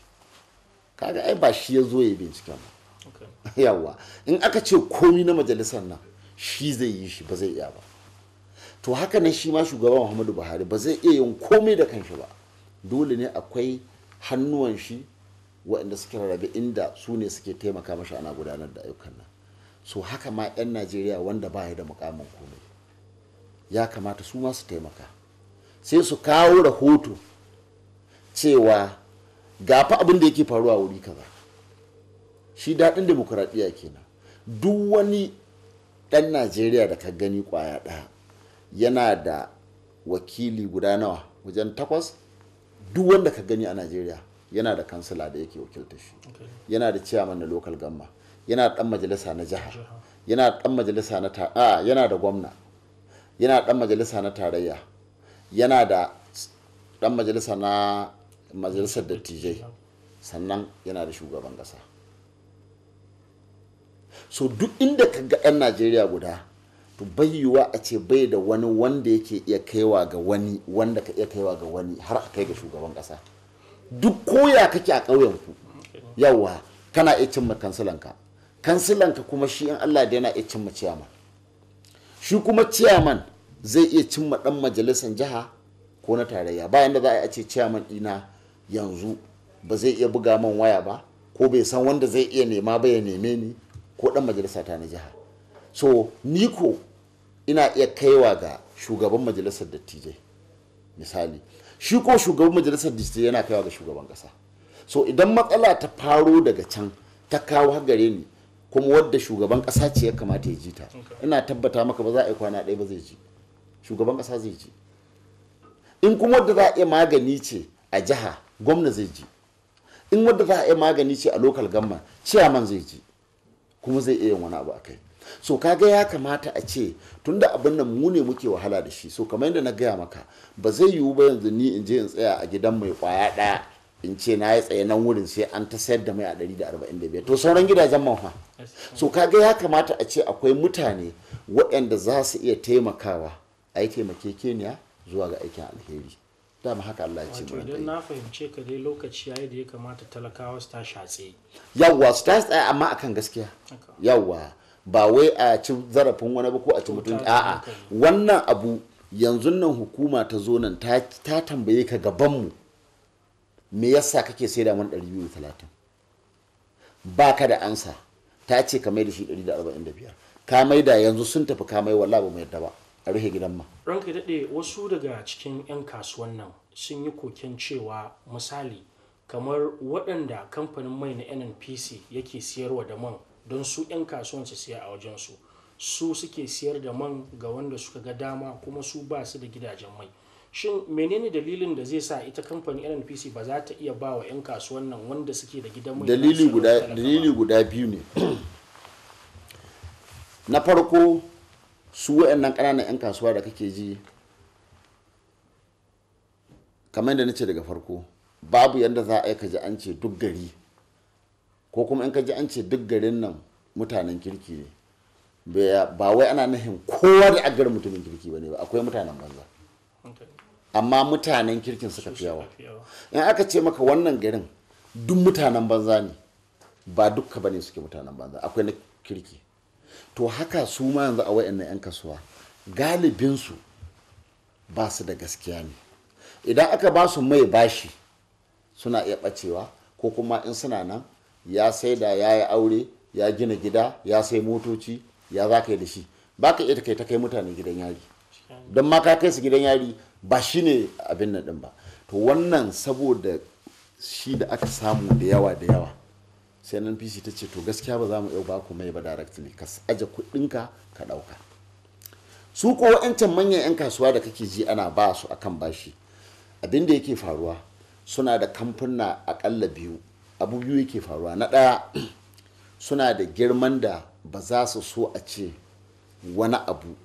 kaga ai ba shi ya zo ya bincike ba yawa in aka ce komi na majalisar nan shi zai yi shi ba zai iya ba to haka nan shi ma shugaban muhammadu buhari ba zai iya yin komai da kanshi ba dole ne akwai hannuwan shi waɗanda suke rarrabe inda su ne suke taimaka mashi ana gudanar da ayyukan nan so haka ma 'yan najeriya wanda ba da mukamin komai ya kamata su ma su taimaka sai su kawo rahoto cewa gafa abin da yake faruwa wuri kaza shi daɗin demokuraɗiyya kenan duk wani ɗan najeriya da ka gani ƙwaya ɗaya yana da wakili guda nawa wajen takwas duk wanda ka gani a najeriya yana da kansila da yake wakilta shi yana da ciyaman na lokal gamma yana da ɗan majalisa na jiha yana da ɗan majalisa na ta yana da gwamna yana da ɗan majalisa na tarayya yana da ɗan majalisa na majalisar dattijai sannan yana da shugaban kasa so duk inda ka ga ɗan najeriya guda to bai yiwuwa a ce bai da wani wanda yake iya kaiwa ga wani wanda ka iya kaiwa ga wani har a kai ga shugaban kasa duk koya kake a ƙauyenku yawa kana iya cimma kansilanka kansilanka kuma shi in allah da yana iya cimma ciyaman shi kuma ciyaman zai iya cimma ɗan majalisar jiha ko na tarayya bayan da za a ce ciyaman ɗina yanzu ba zai iya buga man waya ba ko bai san wanda zai iya nema ba ya neme ni ko dan majalisa ta na jiha so ni ko ina iya kaiwa ga shugaban majalisar dattijai misali shi ko shugaban majalisar dattijai yana kaiwa ga shugaban kasa so idan matsala ta faro daga can ta kawo gare ni kuma wadda shugaban kasa ce ya kamata ya ji ta ina tabbata maka ba za a yi kwana ɗaya ba zai ji shugaban kasa zai ji in kuma wadda za a iya magani ce a jiha gwamna zai ji in wadda za a magani ce a lokal gamma ciyaman zai ji kuma zai iya wani abu a kai so kaga ya kamata a ce tunda abin nan mu ne muke wahala da shi so kamar yadda na gaya maka ba zai yiwu ba yanzu ni in je in tsaya a gidan mai kwaya ɗaya, in ce na yi tsaye nan wurin sai an ta sayar da mai a 145 to sauran gidajen man fa so kaga ya kamata a ce akwai mutane waɗanda za su iya taimakawa a yi taimakekeniya zuwa ga aikin alheri dama haka Allah ya ce mu idan na fahimce ka dai lokaci yayi da ya kamata talakawa su tashi shatse. yawa su tashi tsaya amma akan gaskiya yawa ba wai a ci zarafin wani ba ko a ci mutum a'a wannan abu yanzu nan hukuma ta zo nan ta tambaye ka gaban mu me yasa kake sai da mun 230 ba da ansa ta ce ka mai da shi 145 ka mai da yanzu sun tafi ka mai wallahi ba mu yadda ba a rufe gidan ma ranka daɗe wasu daga cikin 'yan kasuwan nan sun yi koken cewa misali kamar waɗanda kamfanin mai na nnpc yake siyarwa da man don su 'yan kasuwan su siya a wajensu su suke siyar da man ga wanda suka ga dama kuma su ba su da gidajen mai shin menene dalilin da zai sa ita kamfanin nnpc ba za ta iya ba wa 'yan kasuwan nan wanda suke da gidan mai dalili guda biyu ne na farko su waɗannan ƙananan 'yan kasuwa da kake ji kamar yadda ce daga farko babu yadda za a yi kaji an ce duk gari ko kuma in kaji an ce duk garin nan mutanen kirki ne ba wai ana nahin kowa da agar mutumin kirki ba ne ba akwai mutanen banza amma mutanen kirkin suka fi yawa in aka ce maka wannan garin duk mutanen banza ne ba dukka ba ne suke mutanen banza akwai na kirki to haka su ma yanzu a wayannan 'yan kasuwa galibinsu ba su da gaskiya ne idan aka ba su mai bashi suna iya ɓacewa ko kuma in suna nan ya sai da ya yi aure ya gina gida ya sai motoci ya za ka yi da shi ba ka iya ta kai mutane gidan yari don ma ka kai su gidan yari ba shi ne abin nan ɗin ba to wannan saboda shi da aka samu da yawa da yawa sai pc ta ce to gaskiya ba za mu yau ba ku mai ba directly ka aje kuɗinka ka ɗauka su ko wa'ancan manyan 'yan kasuwa da kake ji ana ba su akan bashi abin da yake faruwa suna da kamfuna akalla biyu abu biyu yake faruwa na ɗaya suna da girman da ba za su so a ce wani abu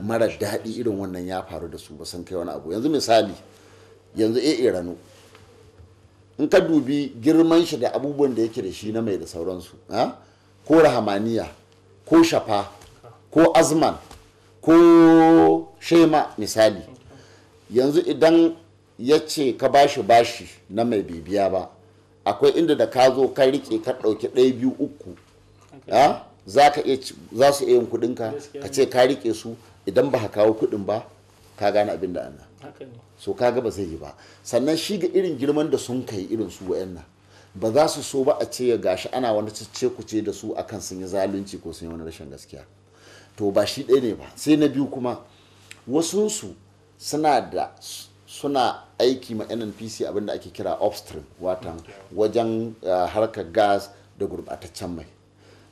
mara daɗi irin wannan ya faru da su ba san kai wani abu yanzu misali yanzu a rano in ka dubi girman shi da abubuwan da yake da shi na mai da sauransu ko rahamaniya ko shafa ko azman ko shema misali yanzu idan ya ce ka bashi bashi na mai bibiya ba akwai inda da ka zo ka rike ka ɗauki ɗaya biyu uku za su iya yin kuɗinka ka ce ka rike su idan ba ka kawo kuɗin ba ka gane abin da ana so ka gaba zai yi ba sannan shi ga irin girman da sun kai irin su wa'annan ba za su so ba a ce ya gashi ana wani cece kuce da su akan sun yi zalunci ko sun yi wani rashin gaskiya to ba shi ɗaya ne ba sai na biyu kuma wasu su suna da suna aiki ma nnpc da ake kira upstream watan wajen eh, harkar gas da gurbataccen mai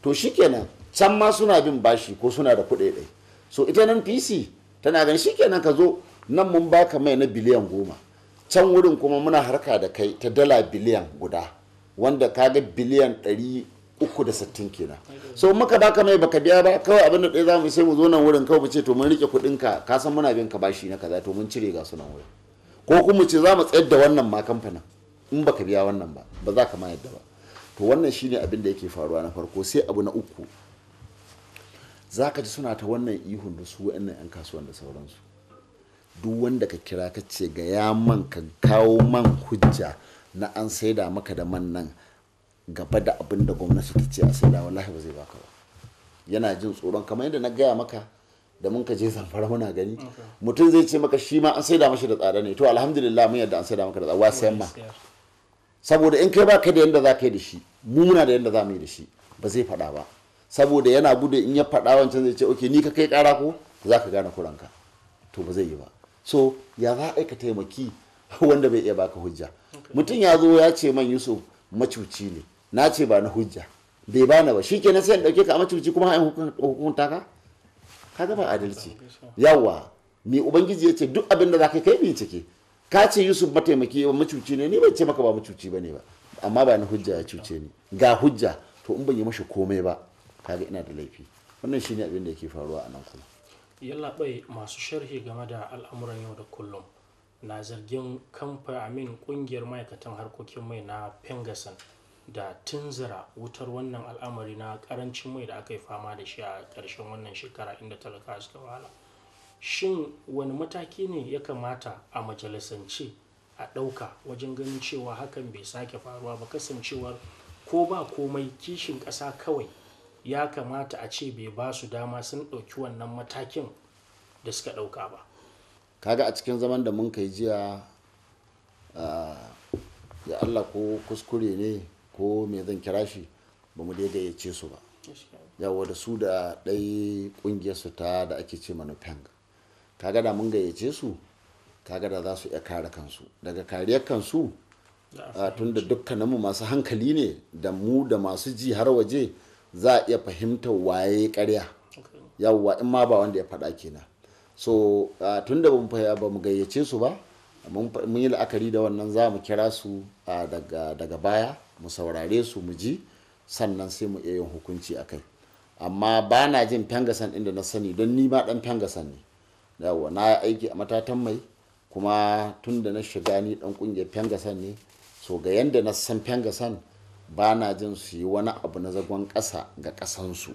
to shikenan can ma suna bin bashi ko suna da kuɗaɗe so ita nnpc tana gan kenan ka zo nan mun baka mai na biliyan goma can wurin kuma muna harka da kai ta dala biliyan guda wanda kaga biliyan 360 kenan so muka baka mai baka biya ba kawai abin da ɗaya za mu sai mu zo nan wurin kawai mu ce to mun rike kuɗin ka ka san muna bin ka bashi na kaza to mun cire ga su nan wurin ko kuma mu ce za mu tsayar da wannan ma kamfanin in baka biya wannan ba ba za ka ma yadda ba to wannan shine abin da yake faruwa na farko sai abu na uku za ka ji suna ta wannan ihun da su wa'annan 'yan kasuwan da sauransu duk wanda ka kira ka ce ga ya man ka kawo man hujja na an saida maka da man nan gaba da abin da gwamnati ta ce a saida wallahi ba zai baka ba yana jin tsoron kamar yadda na gaya maka da mun ka je zamfara muna gani mutum zai ce maka shi ma an saida mashi da tsada ne to alhamdulillah mun yadda an saida maka da tsada wa sayan ma saboda in kai ba ka da yadda za ka yi da shi mu muna da yadda za mu yi da shi ba zai faɗa ba saboda yana gudu in ya faɗa wancan zai ce ok ni ka kai ƙara ko za ka gane kuranka to ba zai yi ba so ya za a ka taimaki wanda bai iya baka hujja mutum ya zo ya ce man yusuf macuci ne na ce ba na hujja bai ba na ba shi ke sai in ɗauke ka macuci kuma hain hukunta ka ka ba adalci yawa mai ubangiji ya ce duk abin da za ka kai bincike ka ce yusuf mataimaki macuci ne ni bai ce maka ba macuci ba ne ba amma ba na hujja ya cuce ni ga hujja to in ban yi mashi komai ba kaga ina da laifi wannan shine abin da yake faruwa a nan kuma yallaɓai masu sharhi game da al'amuran yau da kullum na zargin kamfa amin kungiyar ma'aikatan harkokin mai na pengasan da tunzura wutar wannan al'amari na karancin mai da aka yi fama da shi a ƙarshen wannan shekara inda talaka suka wahala shin wani mataki ne ya kamata a majalisance a ɗauka wajen ganin cewa hakan bai sake faruwa ba kasancewar ko ba komai kishin ƙasa kawai ya kamata a ce bai ba su dama sun ɗauki wannan matakin da suka ɗauka ba kaga a cikin zaman da mun kai jiya ya allah ko kuskure ne ko me zan kira shi ba mu gayyace su ba yawa da su da ɗai ƙungiyar su ta da ake ce manufeng kaga da mun gayyace su kaga da za su iya kare kansu daga kariyar kansu tun da dukkaninmu masu hankali ne da mu da masu ji har waje za a iya fahimtar waye karya yawwa in ma ba wanda ya faɗa kenan so tun da ba mu gayyace su ba mun yi la'akari da wannan za mu kira su daga baya mu saurare su mu ji sannan sai mu iya yin hukunci a kai amma ba na jin fengasan inda na sani don ni ma dan fengasan ne yawwa na aiki a matatan mai kuma tun da na shiga ni dan kungiyar fengasan ne so ga yanda na san fengasan ba na jin su yi wani abu na zagon ƙasa ga ƙasansu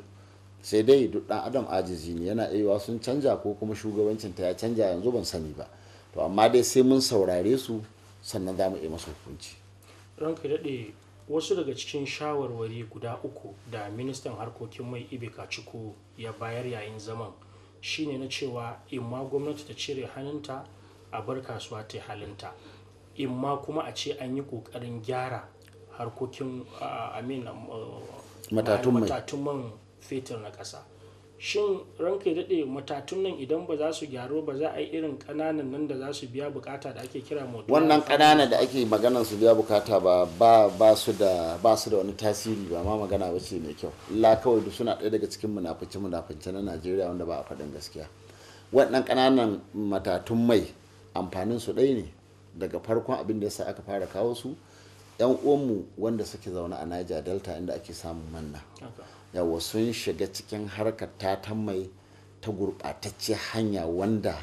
sai dai duk ɗan adam ajizi ne yana iya sun canja ko kuma shugabancin ta ya canja yanzu ban sani ba to amma dai sai mun saurare su sannan za mu yi masa hukunci ranka daɗe wasu daga cikin shawarwari guda uku da ministan harkokin mai ibe ciko ya bayar yayin zaman shine na cewa imma gwamnati ta cire hannunta a bar kasuwa ta halinta imma kuma a ce an yi ƙoƙarin gyara harkokin amin matatun fetur na kasa shin ranka ya daɗe matatun idan ba za su gyaru ba za a yi irin ƙananan nan da za su biya bukata da ake kira motu wannan ƙanana da ake maganar su biya bukata ba ba su da wani tasiri ba ma magana ba ce mai kyau la kawai duk suna ɗaya daga cikin munafice munafice na Najeriya wanda ba a faɗin gaskiya Wannan ƙananan matatun mai amfanin su ɗaya ne daga farkon abin da yasa aka fara kawo su 'yan uwanmu wanda suke zaune a niger delta inda ake samun manna yawa sun shiga cikin harkar ta mai ta gurɓatacce hanya wanda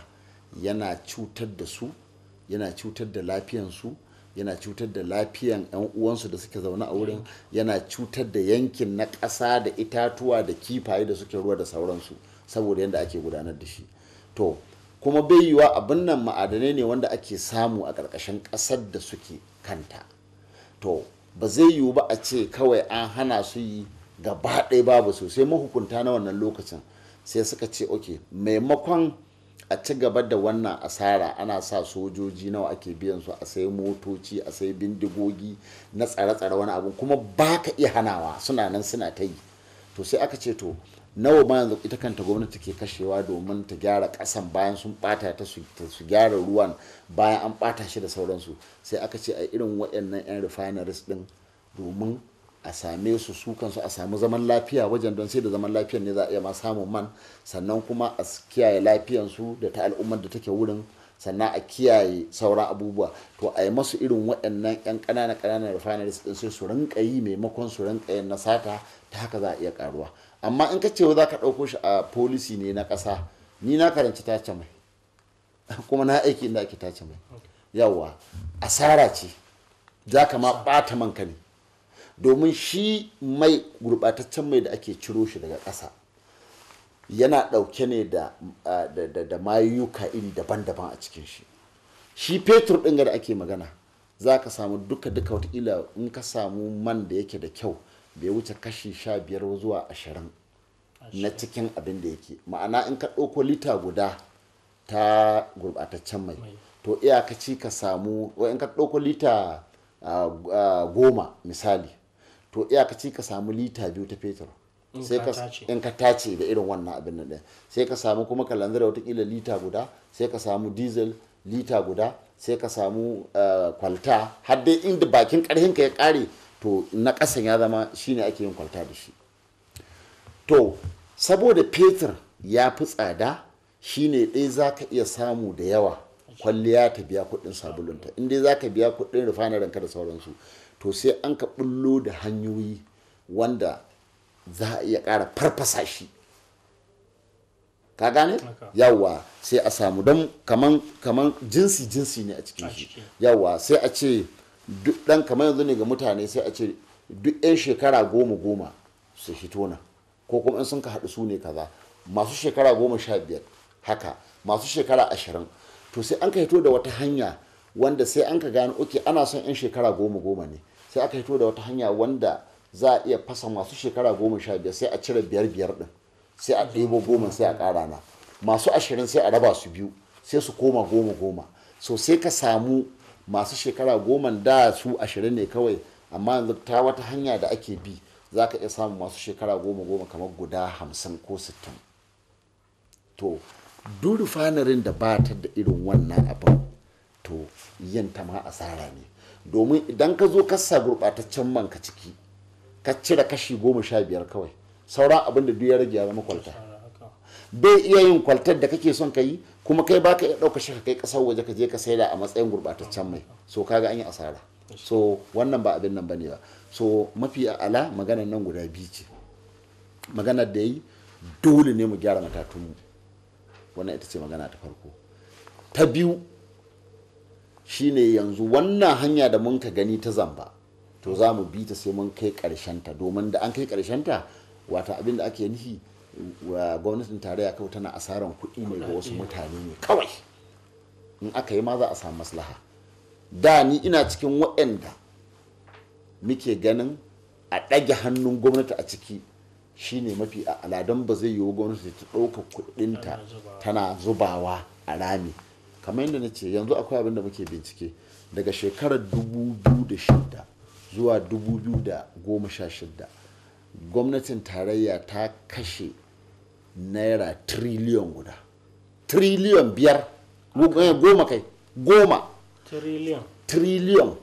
yana cutar da su yana cutar da lafiyansu yana cutar da lafiyan 'yan uwansu da suke zaune a wurin yana cutar da yankin na ƙasa da itatuwa da kifaye da suke ruwa da sauransu saboda yadda ake gudanar da shi to kuma bai yiwa abin nan ma'adanai ne wanda ake samu a ƙarƙashin ƙasar da suke kanta to ba zai yiwu ba a ce kawai an hana su yi gaba ɗaya babu sosai mahukunta na wannan lokacin sai suka ce ok maimakon a ci gaba da wannan asara ana sa sojoji nawa ake biyan su a sai motoci a sai bindigogi na tsare-tsare wani abu kuma ba ka iya hanawa suna nan suna ta yi to sai aka ce to nawa ma yanzu ita kanta gwamnati ke kashewa domin ta gyara kasan bayan sun bata ta su gyara ruwan bayan an bata shi da sauransu sai aka ce a irin waɗannan 'yan refineries din domin a same su su a samu zaman lafiya wajen don sai da zaman lafiyan ne za a iya ma samun man sannan kuma a kiyaye lafiyansu da ta al'ummar da take wurin sannan a kiyaye sauran abubuwa to a yi masu irin waɗannan 'yan ƙananan ƙananan refineries din sai su rinka yi maimakon su rinka yin na sata ta haka za a iya karuwa amma in ka ce za ka ɗauko shi a policy ne na ƙasa ni na karanci tace mai kuma na aiki inda ake tace mai yawa asara ce za ka ma ɓata manka ne domin shi mai gurɓataccen mai da ake ciro shi daga ƙasa yana ɗauke ne da mayuka iri daban-daban a cikin shi shi fetur ɗin da ake magana za ka samu duka-duka watakila in ka samu man da yake da kyau bai wuce kashi sha biyar zuwa ashirin na cikin abin da yake ma'ana in ka ɗauko lita guda ta gurɓataccen mai to iyakaci ka samu in ka ɗauko lita goma misali to iyakaci ka samu lita biyu ta fetur sai ka in ka tace da irin wannan abin nan sai ka samu kuma ka lanzara watakila lita guda sai ka samu diesel lita guda sai ka samu eh, kwalta har dai inda bakin karhin ka ya kare to na ƙasan ya zama shine ake yin kwalta da shi to saboda fetur ya fi tsada shine ɗaya za ka iya samu da yawa kwalliya ta biya kuɗin sabulunta in dai za ka biya kuɗin rufanarin ka da sauransu to sai an ka ɓullo da hanyoyi wanda za a iya ƙara farfasa shi ka gane yawwa sai a samu don kaman jinsi jinsi ne a cikin shi yawwa sai a ce duk dan kamar yanzu ne ga mutane sai a ce duk 'yan shekara goma goma su hito na ko kuma in sun ka haɗu su ne kaza masu shekara goma sha biyar haka masu shekara ashirin to sai an ka hito da wata hanya wanda sai an ka gano oke ana son 'yan shekara goma goma ne sai aka hito da wata hanya wanda za a iya fasa masu shekara goma sha biyar sai a cire biyar biyar din sai a ɗebo goma sai a ƙara na masu ashirin sai a raba su biyu sai su koma goma goma sosai ka samu masu shekara goma da su ashirin ne kawai amma yanzu ta wata hanya da ake bi za ka iya samun masu shekara goma goma kamar guda hamsin ko sittin to duk rufanarin da ba ta da irin wannan abin to yin ta ma asara ne domin idan ka zo ka sa gurɓataccen man ka ciki ka cire kashi goma sha biyar kawai sauran abin da duk ya rage ya zama kwalta bai iya yin kwaltar da kake son ka yi kuma kai ba ka ɗauka shi ka kai ƙasar waje ka je ka saida a matsayin gurɓataccen mai so kaga an yi asara so wannan ba abin nan ba ne ba so mafi ala maganar nan guda biyu ce maganar da yi dole ne mu gyara matatunmu wannan ita ce magana ta farko ta biyu shine yanzu wannan hanya da mun ka gani ta zamba to za mu bi ta sai mun kai ta domin da an kai karshen ta wata abin da ake nufi gwamnatin tarayya kawai tana asaran kuɗi ne ga wasu mutane ne kawai in aka yi ma za a samu maslaha da ni ina cikin waɗanda muke ganin a ɗage hannun gwamnati a ciki shine mafi a aladan ba zai yiwu gwamnati ta ɗauka kuɗinta tana zubawa a rami kamar yadda na ce yanzu akwai abin da muke bincike daga shekarar 2006 zuwa 2016 gwamnatin tarayya ta kashe naira triliyon guda triliyon biyar eh, goma kai goma triliyon triliyon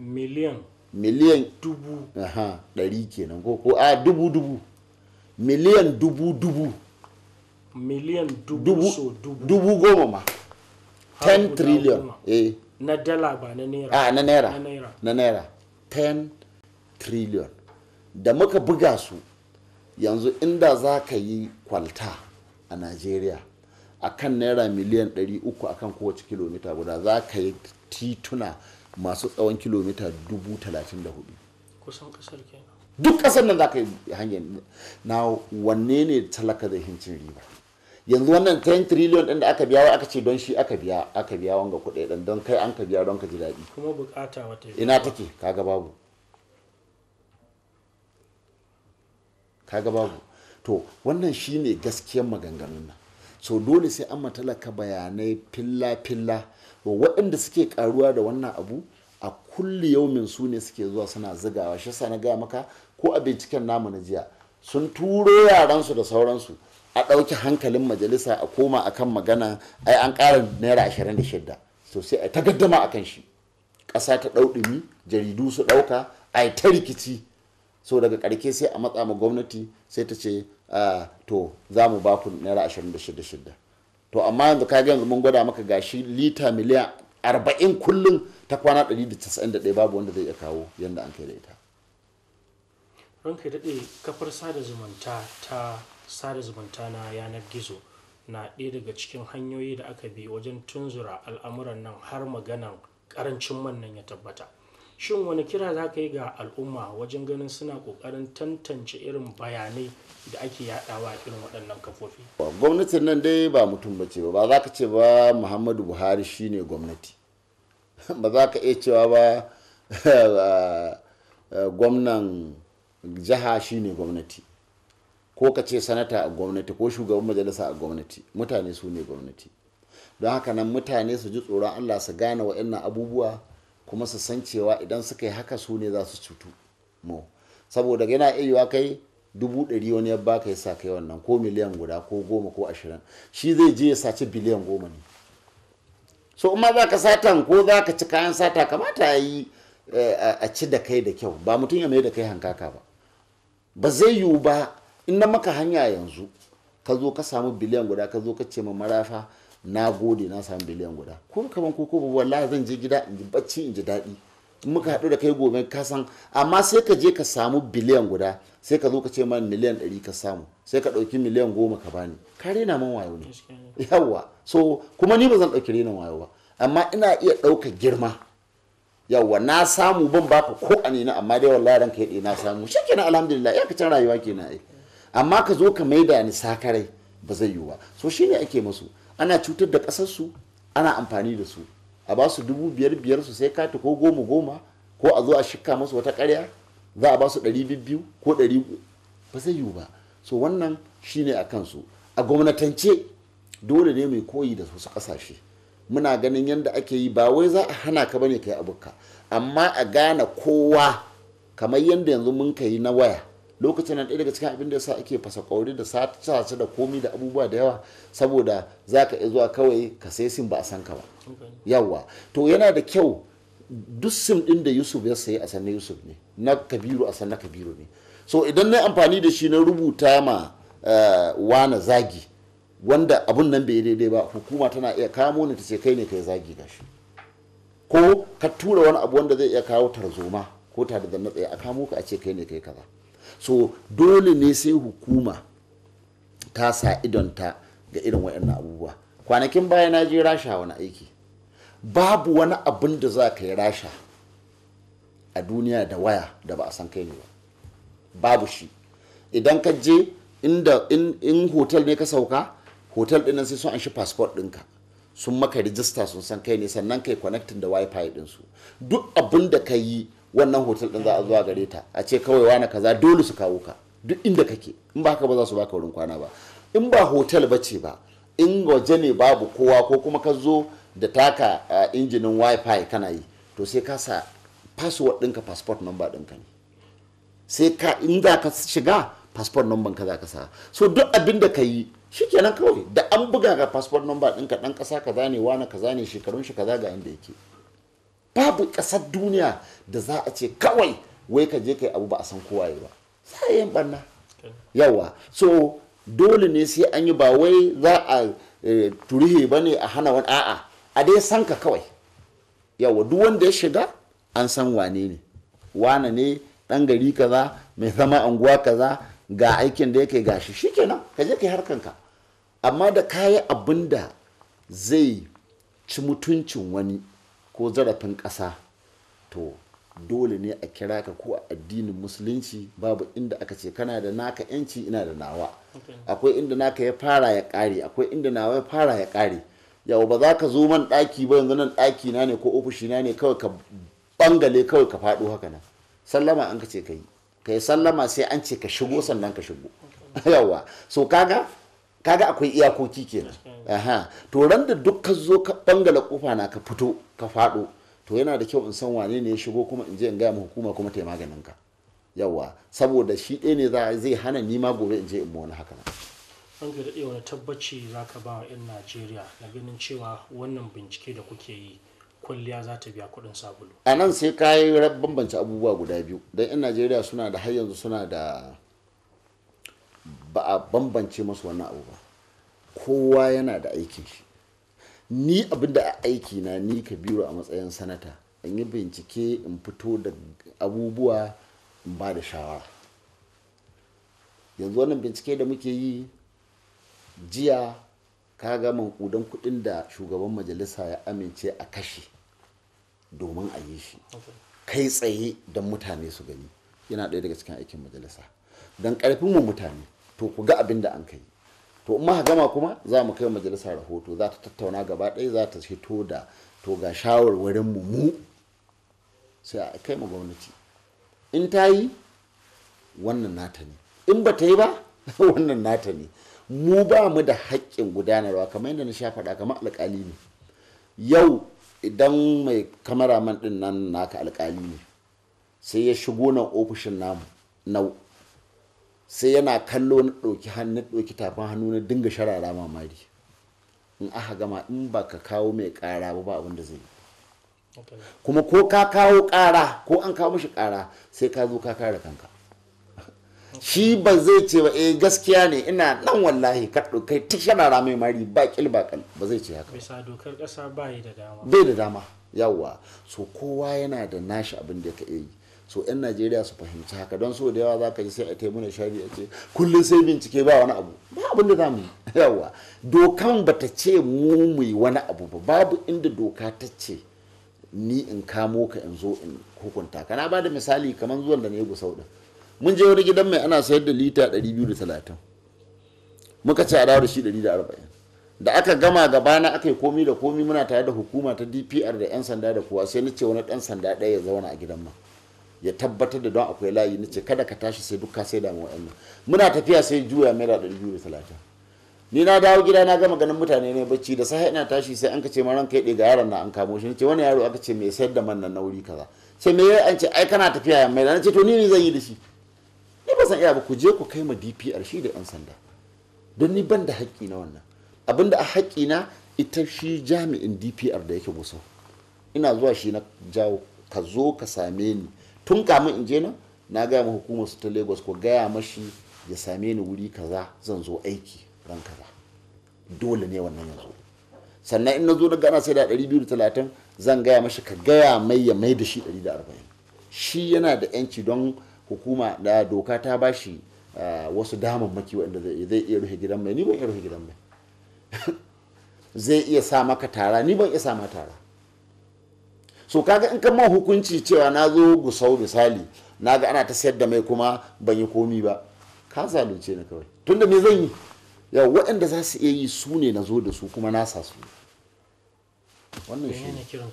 miliyon. miliyon dubu aha ɗari kenan ko ko a dubu dubu miliyon dubu dubu miliyon dubu dubu, so dubu dubu goma ma 10 trillion eh na dala ba na naira ah na naira na naira 10 trillion da muka buga su yanzu inda za ka yi kwalta a najeriya a kan naira miliyan 300 kan kowace kilomita guda za ka yi tituna masu tsawon kilomita 34 duk kasar nan za ka yi hanyar na wanne ne talaka zai hincin riba yanzu wannan 10 trillion din da aka biya wai aka ce don shi aka biya aka biya wanga kuɗaɗen don kai an ka biya don ka ji daɗi kuma bukata wata ina take kaga babu kaga babu to wannan shine gaskiyar maganganun nan so dole sai an matalaka bayanai filla-filla waɗanda suke karuwa da wannan abu a kulli yaumin su ne suke zuwa suna zigawa shi sa na gaya maka ko a binciken namu na jiya sun turo yaransu da sauransu a ɗauki hankalin majalisa a koma a kan magana ai an ƙara naira ashirin da shidda so sai a ta gaddama akan shi ƙasa ta ɗau jaridu su ɗauka a ta rikici so daga karke sai a matsa ma gwamnati sai ta ce to za mu ba ku naira ashirin da shida shida to amma yanzu ka yanzu mun gwada maka gashi lita miliyan arba'in kullum ta kwana ɗari da casa'in da ɗaya babu wanda zai iya kawo yadda an kai da ita. ranka daɗe kafar sada zumunta ta sada zumunta na yanar gizo na ɗaya daga cikin hanyoyi da aka bi wajen tunzura al'amuran nan har maganan ƙarancin man nan ya tabbata shin wani kira za ka yi ga al'umma wajen ganin suna kokarin tantance irin bayanai da ake yadawa irin waɗannan kafofi gwamnatin nan dai ba mutum ba ce ba za ka ce ba muhammadu buhari shine gwamnati ba za ka iya cewa ba eh, gwamnan jiha shine gwamnati ko ka ce sanata a gwamnati ko shugaban majalisa a gwamnati mutane su ne gwamnati don haka nan mutane su ji tsoron allah su gane wa'annan abubuwa kuma su san cewa idan suka yi haka su ne za su cutu mu saboda yana iya kai dubu ɗari wani ya baka ya sa kai wannan ko miliyan guda ko goma ko ashirin shi zai je ya saci biliyan goma ne so in ma za ka satan ko za ka ci kayan sata kamata a yi eh, a ci da kai da kyau ba mutum ya mai da kai hankaka ba ba zai yiwu ba inda maka hanya yanzu ka zo ka samu biliyan guda ka zo ka ce ma marafa na gode na samu biliyan guda ko ban koko ba wallahi zan je gida in ji bacci in ji daɗi muka haɗu da kai gobe ka san amma sai ka je ka samu biliyan guda sai ka zo ka ce ma miliyan ɗari ka samu sai ka ɗauki miliyan goma ka bani ka rena man wayo ne yawwa so kuma ni ba zan ɗauki rena wayo ba amma ina iya ɗauka girma yawwa na samu ban baka ko a nina amma dai wallahi ranka ya na samu shi kenan alhamdulillah ya can rayuwa kenan ai amma ka zo ka maida ni sakarai ba zai yiwu ba so shine ake masu ana cutar da ƙasarsu ana amfani da su a ba su dubu biyar biyar su sai kati ko goma goma ko a zo a shika masu wata karya za a ba su ɗari biyu ko ɗari ba zai yiwu ba so wannan shine a kansu a gwamnatance dole ne mai koyi da su ƙasashe muna ganin yadda ake yi ba wai za a hana ka bane kai yi abuka amma a gane kowa kamar yadda yanzu mun ka yi na waya lokacin nan ɗaya daga cikin abin da sa ake fasa ƙwauri da sace da komi da abubuwa da yawa saboda za ka iya zuwa kawai ka sai sim ba a san ka ba yawa to yana da kyau duk sim ɗin da yusuf ya sayi a sannan yusuf ne na kabiru a sannan kabiru ne so idan na amfani da shi na rubuta ma eh, wana zagi wanda abun nan bai daidai ba hukuma tana iya kamo ni ta ce kai ne kai zagi da shi ko ka tura wani abu wanda zai iya kawo tarzoma ko tare da matsayi a kamo ka a ce kai ne kai kaza so dole ne sai hukuma ta sa idon ta ga irin waɗannan abubuwa kwanakin baya na je rasha wani aiki babu wani abin da za ka yi rasha a duniya da waya da ba a san kai ne ba babu shi idan ka je inda in hotel ne ka sauka hotel ɗin sai sun an shi passport ɗinka sun maka rijista sun san kai ne sannan kai connecting da wifi ɗinsu duk abin da ka yi wannan hotel din za a zuwa gare ta a ce kawai wani kaza dole su kawo ka duk inda kake in ba haka ba za su baka wurin kwana ba in ba hotel ba ce ba in waje ne babu kowa ko kuma ka zo da taka injinin wifi kana yi to sai ka sa password ɗinka passport number ɗinka ne sai ka in za ka shiga passport number ka za ka sa so duk abin da ka yi shikenan kawai da an buga ga passport number ɗinka ɗan ƙasa kaza ne wani kaza ne shekarun shi kaza ga inda yake babu ƙasar duniya da za a ce kawai wai ka je kai abu ba a san kowa ba sai yin barna yawa so dole ne sai an yi ba wai za a eh, turihe ba ne a hana wani a'a a dai san ka kawai yawa duk wanda ya shiga an san wane ne wane ne dan gari kaza mai zama anguwa kaza ga aikin da yake gashi shikenan ka je kai harkanka amma da kayi abin da zai ci mutuncin wani ko zarafin ƙasa to dole ne a kira ka ko a addinin musulunci babu inda aka ce kana da naka yanci ina da nawa akwai inda naka ya fara ya ƙare akwai inda nawa ya fara ya ƙare yau ba za ka zo man ɗaki ba yanzu nan ɗaki na ne ko ofishi na ne kawai ka bangale kawai ka faɗo haka nan sallama an ka ce ka yi ka yi sallama sai an ce ka shigo sannan ka shigo yawa so kaga kaga akwai iyakoki kenan aha to ran da duk ka zo ka bangala kofa na ka fito ka fado to yana da kyau in san wane ne ya shigo kuma in je in gaya hukuma kuma ta maganin ka yawa saboda shi ɗaya ne za zai hana ni ma gobe in je in wani haka an ga daɗewa wani tabbaci za ka ba wa 'yan najeriya na ganin cewa wannan bincike da kuke yi kwalliya za ta biya kuɗin sabulu a nan sai ka yi bambance abubuwa guda biyu Dan 'yan najeriya suna da har yanzu suna da ba a bambance masu wannan abu ba kowa yana da aikin shi ni abinda a aiki na ni kabiru a matsayin sanata in yi bincike in fito da abubuwa in ba da shawara yanzu wannan bincike da muke yi jiya ka ga kudin kudin da shugaban majalisa ya amince a kashe domin a yi shi kai tsaye don mutane su gani yana ɗaya daga cikin aikin majalisa don karfin mu mutane to ku ga abin da an kai to in ma gama kuma za mu kai majalisa rahoto za ta tattauna gaba ɗaya za ta fito da to ga shawarwarin mu mu sai a kai mu gwamnati in ta yi wannan nata ne in ba ta yi ba wannan nata ne mu ba mu da haƙƙin gudanarwa kamar yadda na sha faɗa kamar alƙali ne yau idan mai kamaraman ɗin nan naka alƙali ne sai ya shigo nan ofishin namu na sai yana kallo na ɗauki hannu ɗauki tafin hannu na dinga sharara mamari in aka gama in ba ka kawo mai ƙara ba abin da zai kuma ko ka kawo ƙara ko an kawo mashi ƙara sai ka zo ka kare kanka shi ba zai ce ba eh gaskiya ne ina nan wallahi ka ɗaukai ta sharara mai mari ba ƙil ba ƙal ba zai ce haka bisa dokar ƙasa ba da dama bai da dama yawwa so kowa yana da nashi abin da ka iya yi so 'yan najeriya su fahimci haka don so da yawa za ka ji sai a taimu na shari a ce kullum sai bincike ba wani abu ba abin da za mu yawa dokan ba ta ce mu mu wani abu ba babu inda doka ta ce ni in kamo ka in zo in hukunta kana ba da misali kamar zuwan da na yi gusau mun je wani gidan mai ana sayar da lita 230 muka ci a dawo da shi ɗari da arba'in da aka gama gaba na aka yi komi da komi muna tare da hukuma ta dpr da 'yan sanda da kowa sai na ce wani dan sanda ɗaya ya zauna a gidan ma ya tabbatar da don akwai layi na ce kada ka tashi sai duk ka sai da mu wa'annan muna tafiya sai juya naira ɗari biyu da talatin ni na dawo gida na gama ganin mutane ne bacci da sai ina tashi sai an kace ma ranka ya ga yaron na an kamo shi ce wani yaro aka ce mai sayar da man nan na wuri kaza ce me yayi an ce ai kana tafiya yamma na ce to ni ne zan yi da shi ni ba san iya ba ku je ku kai ma DPR shi da yan sanda don ni ban da haƙƙi na wannan abinda a haƙƙi na ita shi jami'in DPR da yake gusau ina zuwa shi na jawo ka zo ka same ni tun kamun in je nan na gaya ma hukumar su ta lagos ko gaya mashi ya same ni wuri kaza zan zo aiki ran kaza dole ne wannan yanzu sannan in na zo daga ana sai da 230 zan gaya mashi ka gaya mai ya mai da shi 140 shi yana da yanci don hukuma da doka ta bashi wasu damammaki wanda zai iya rufe gidan mai ni ban iya rufe gidan mai zai iya sa maka tara ni ban iya sa ma tara so kaga in ka hukunci cewa na zo gusau misali na ga ana ta sayar da mai kuma ban yi komi ba ka zalunce ni kawai tunda me zan yi ya waɗanda za su iya yi su ne na zo da su kuma sa su wannan shi ne kiran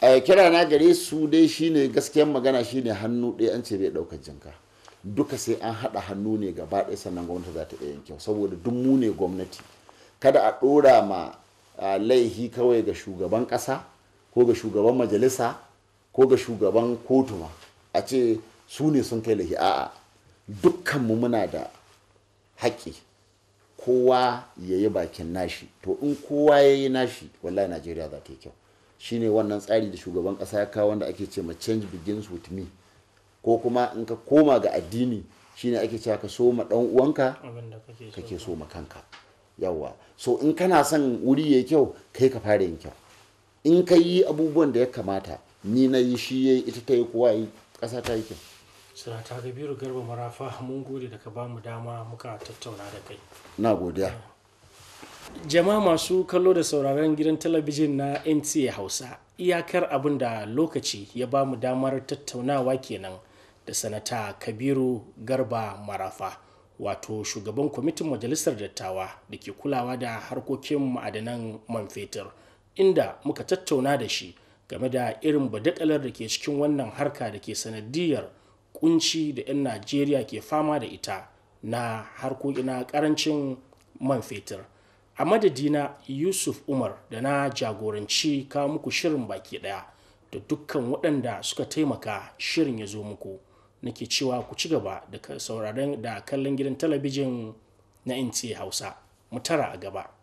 ka kira na gare su dai shine gaskiyar magana shine hannu ɗaya an ce bai ɗaukar jinka duka sai an haɗa hannu ne gaba ɗaya sannan gwamnati za ta iya yankin saboda duk mu ne gwamnati kada a ɗora ma laihi kawai ga shugaban ƙasa ko ga shugaban majalisa ko ga shugaban kotu ma a ce su ne sun kai lahi a'a mu muna da haƙƙi kowa ya yi bakin nashi to in kowa ya yi nashi wallahi najeriya za ta yi kyau shine wannan tsari da shugaban ƙasa ya kawo wanda ake ce ma change begins with me ko kuma in ka koma ga addini shine ake cewa ka so ma dan uwanka kake so ma kanka yawwa so in kana son wuri yayi kyau kai ka fara yin kyau in ka yi abubuwan da ya kamata ni na yi shi ya yi ita ta yi kuwa yi ƙasa ta yi kyau sanata garba marafa mun gode da ka dama muka tattauna da kai na godiya jama'a masu kallo da sauraron gidan talabijin na nca hausa iyakar abin da lokaci ya ba mu damar tattaunawa kenan da sanata kabiru garba marafa wato shugaban kwamitin majalisar dattawa da ke kulawa da harkokin ma'adanan man fetur inda muka tattauna da shi game da irin badakalar da ke cikin wannan harka da ke sanadiyar kunci da 'yan najeriya ke fama da ita na harkokina na karancin man fetur a madadina yusuf umar da na jagoranci kawo muku shirin baki daya da dukkan waɗanda suka taimaka shirin ya zo muku nake cewa ku ci gaba da sauraron da kallon gidan talabijin na nt hausa mu tara a gaba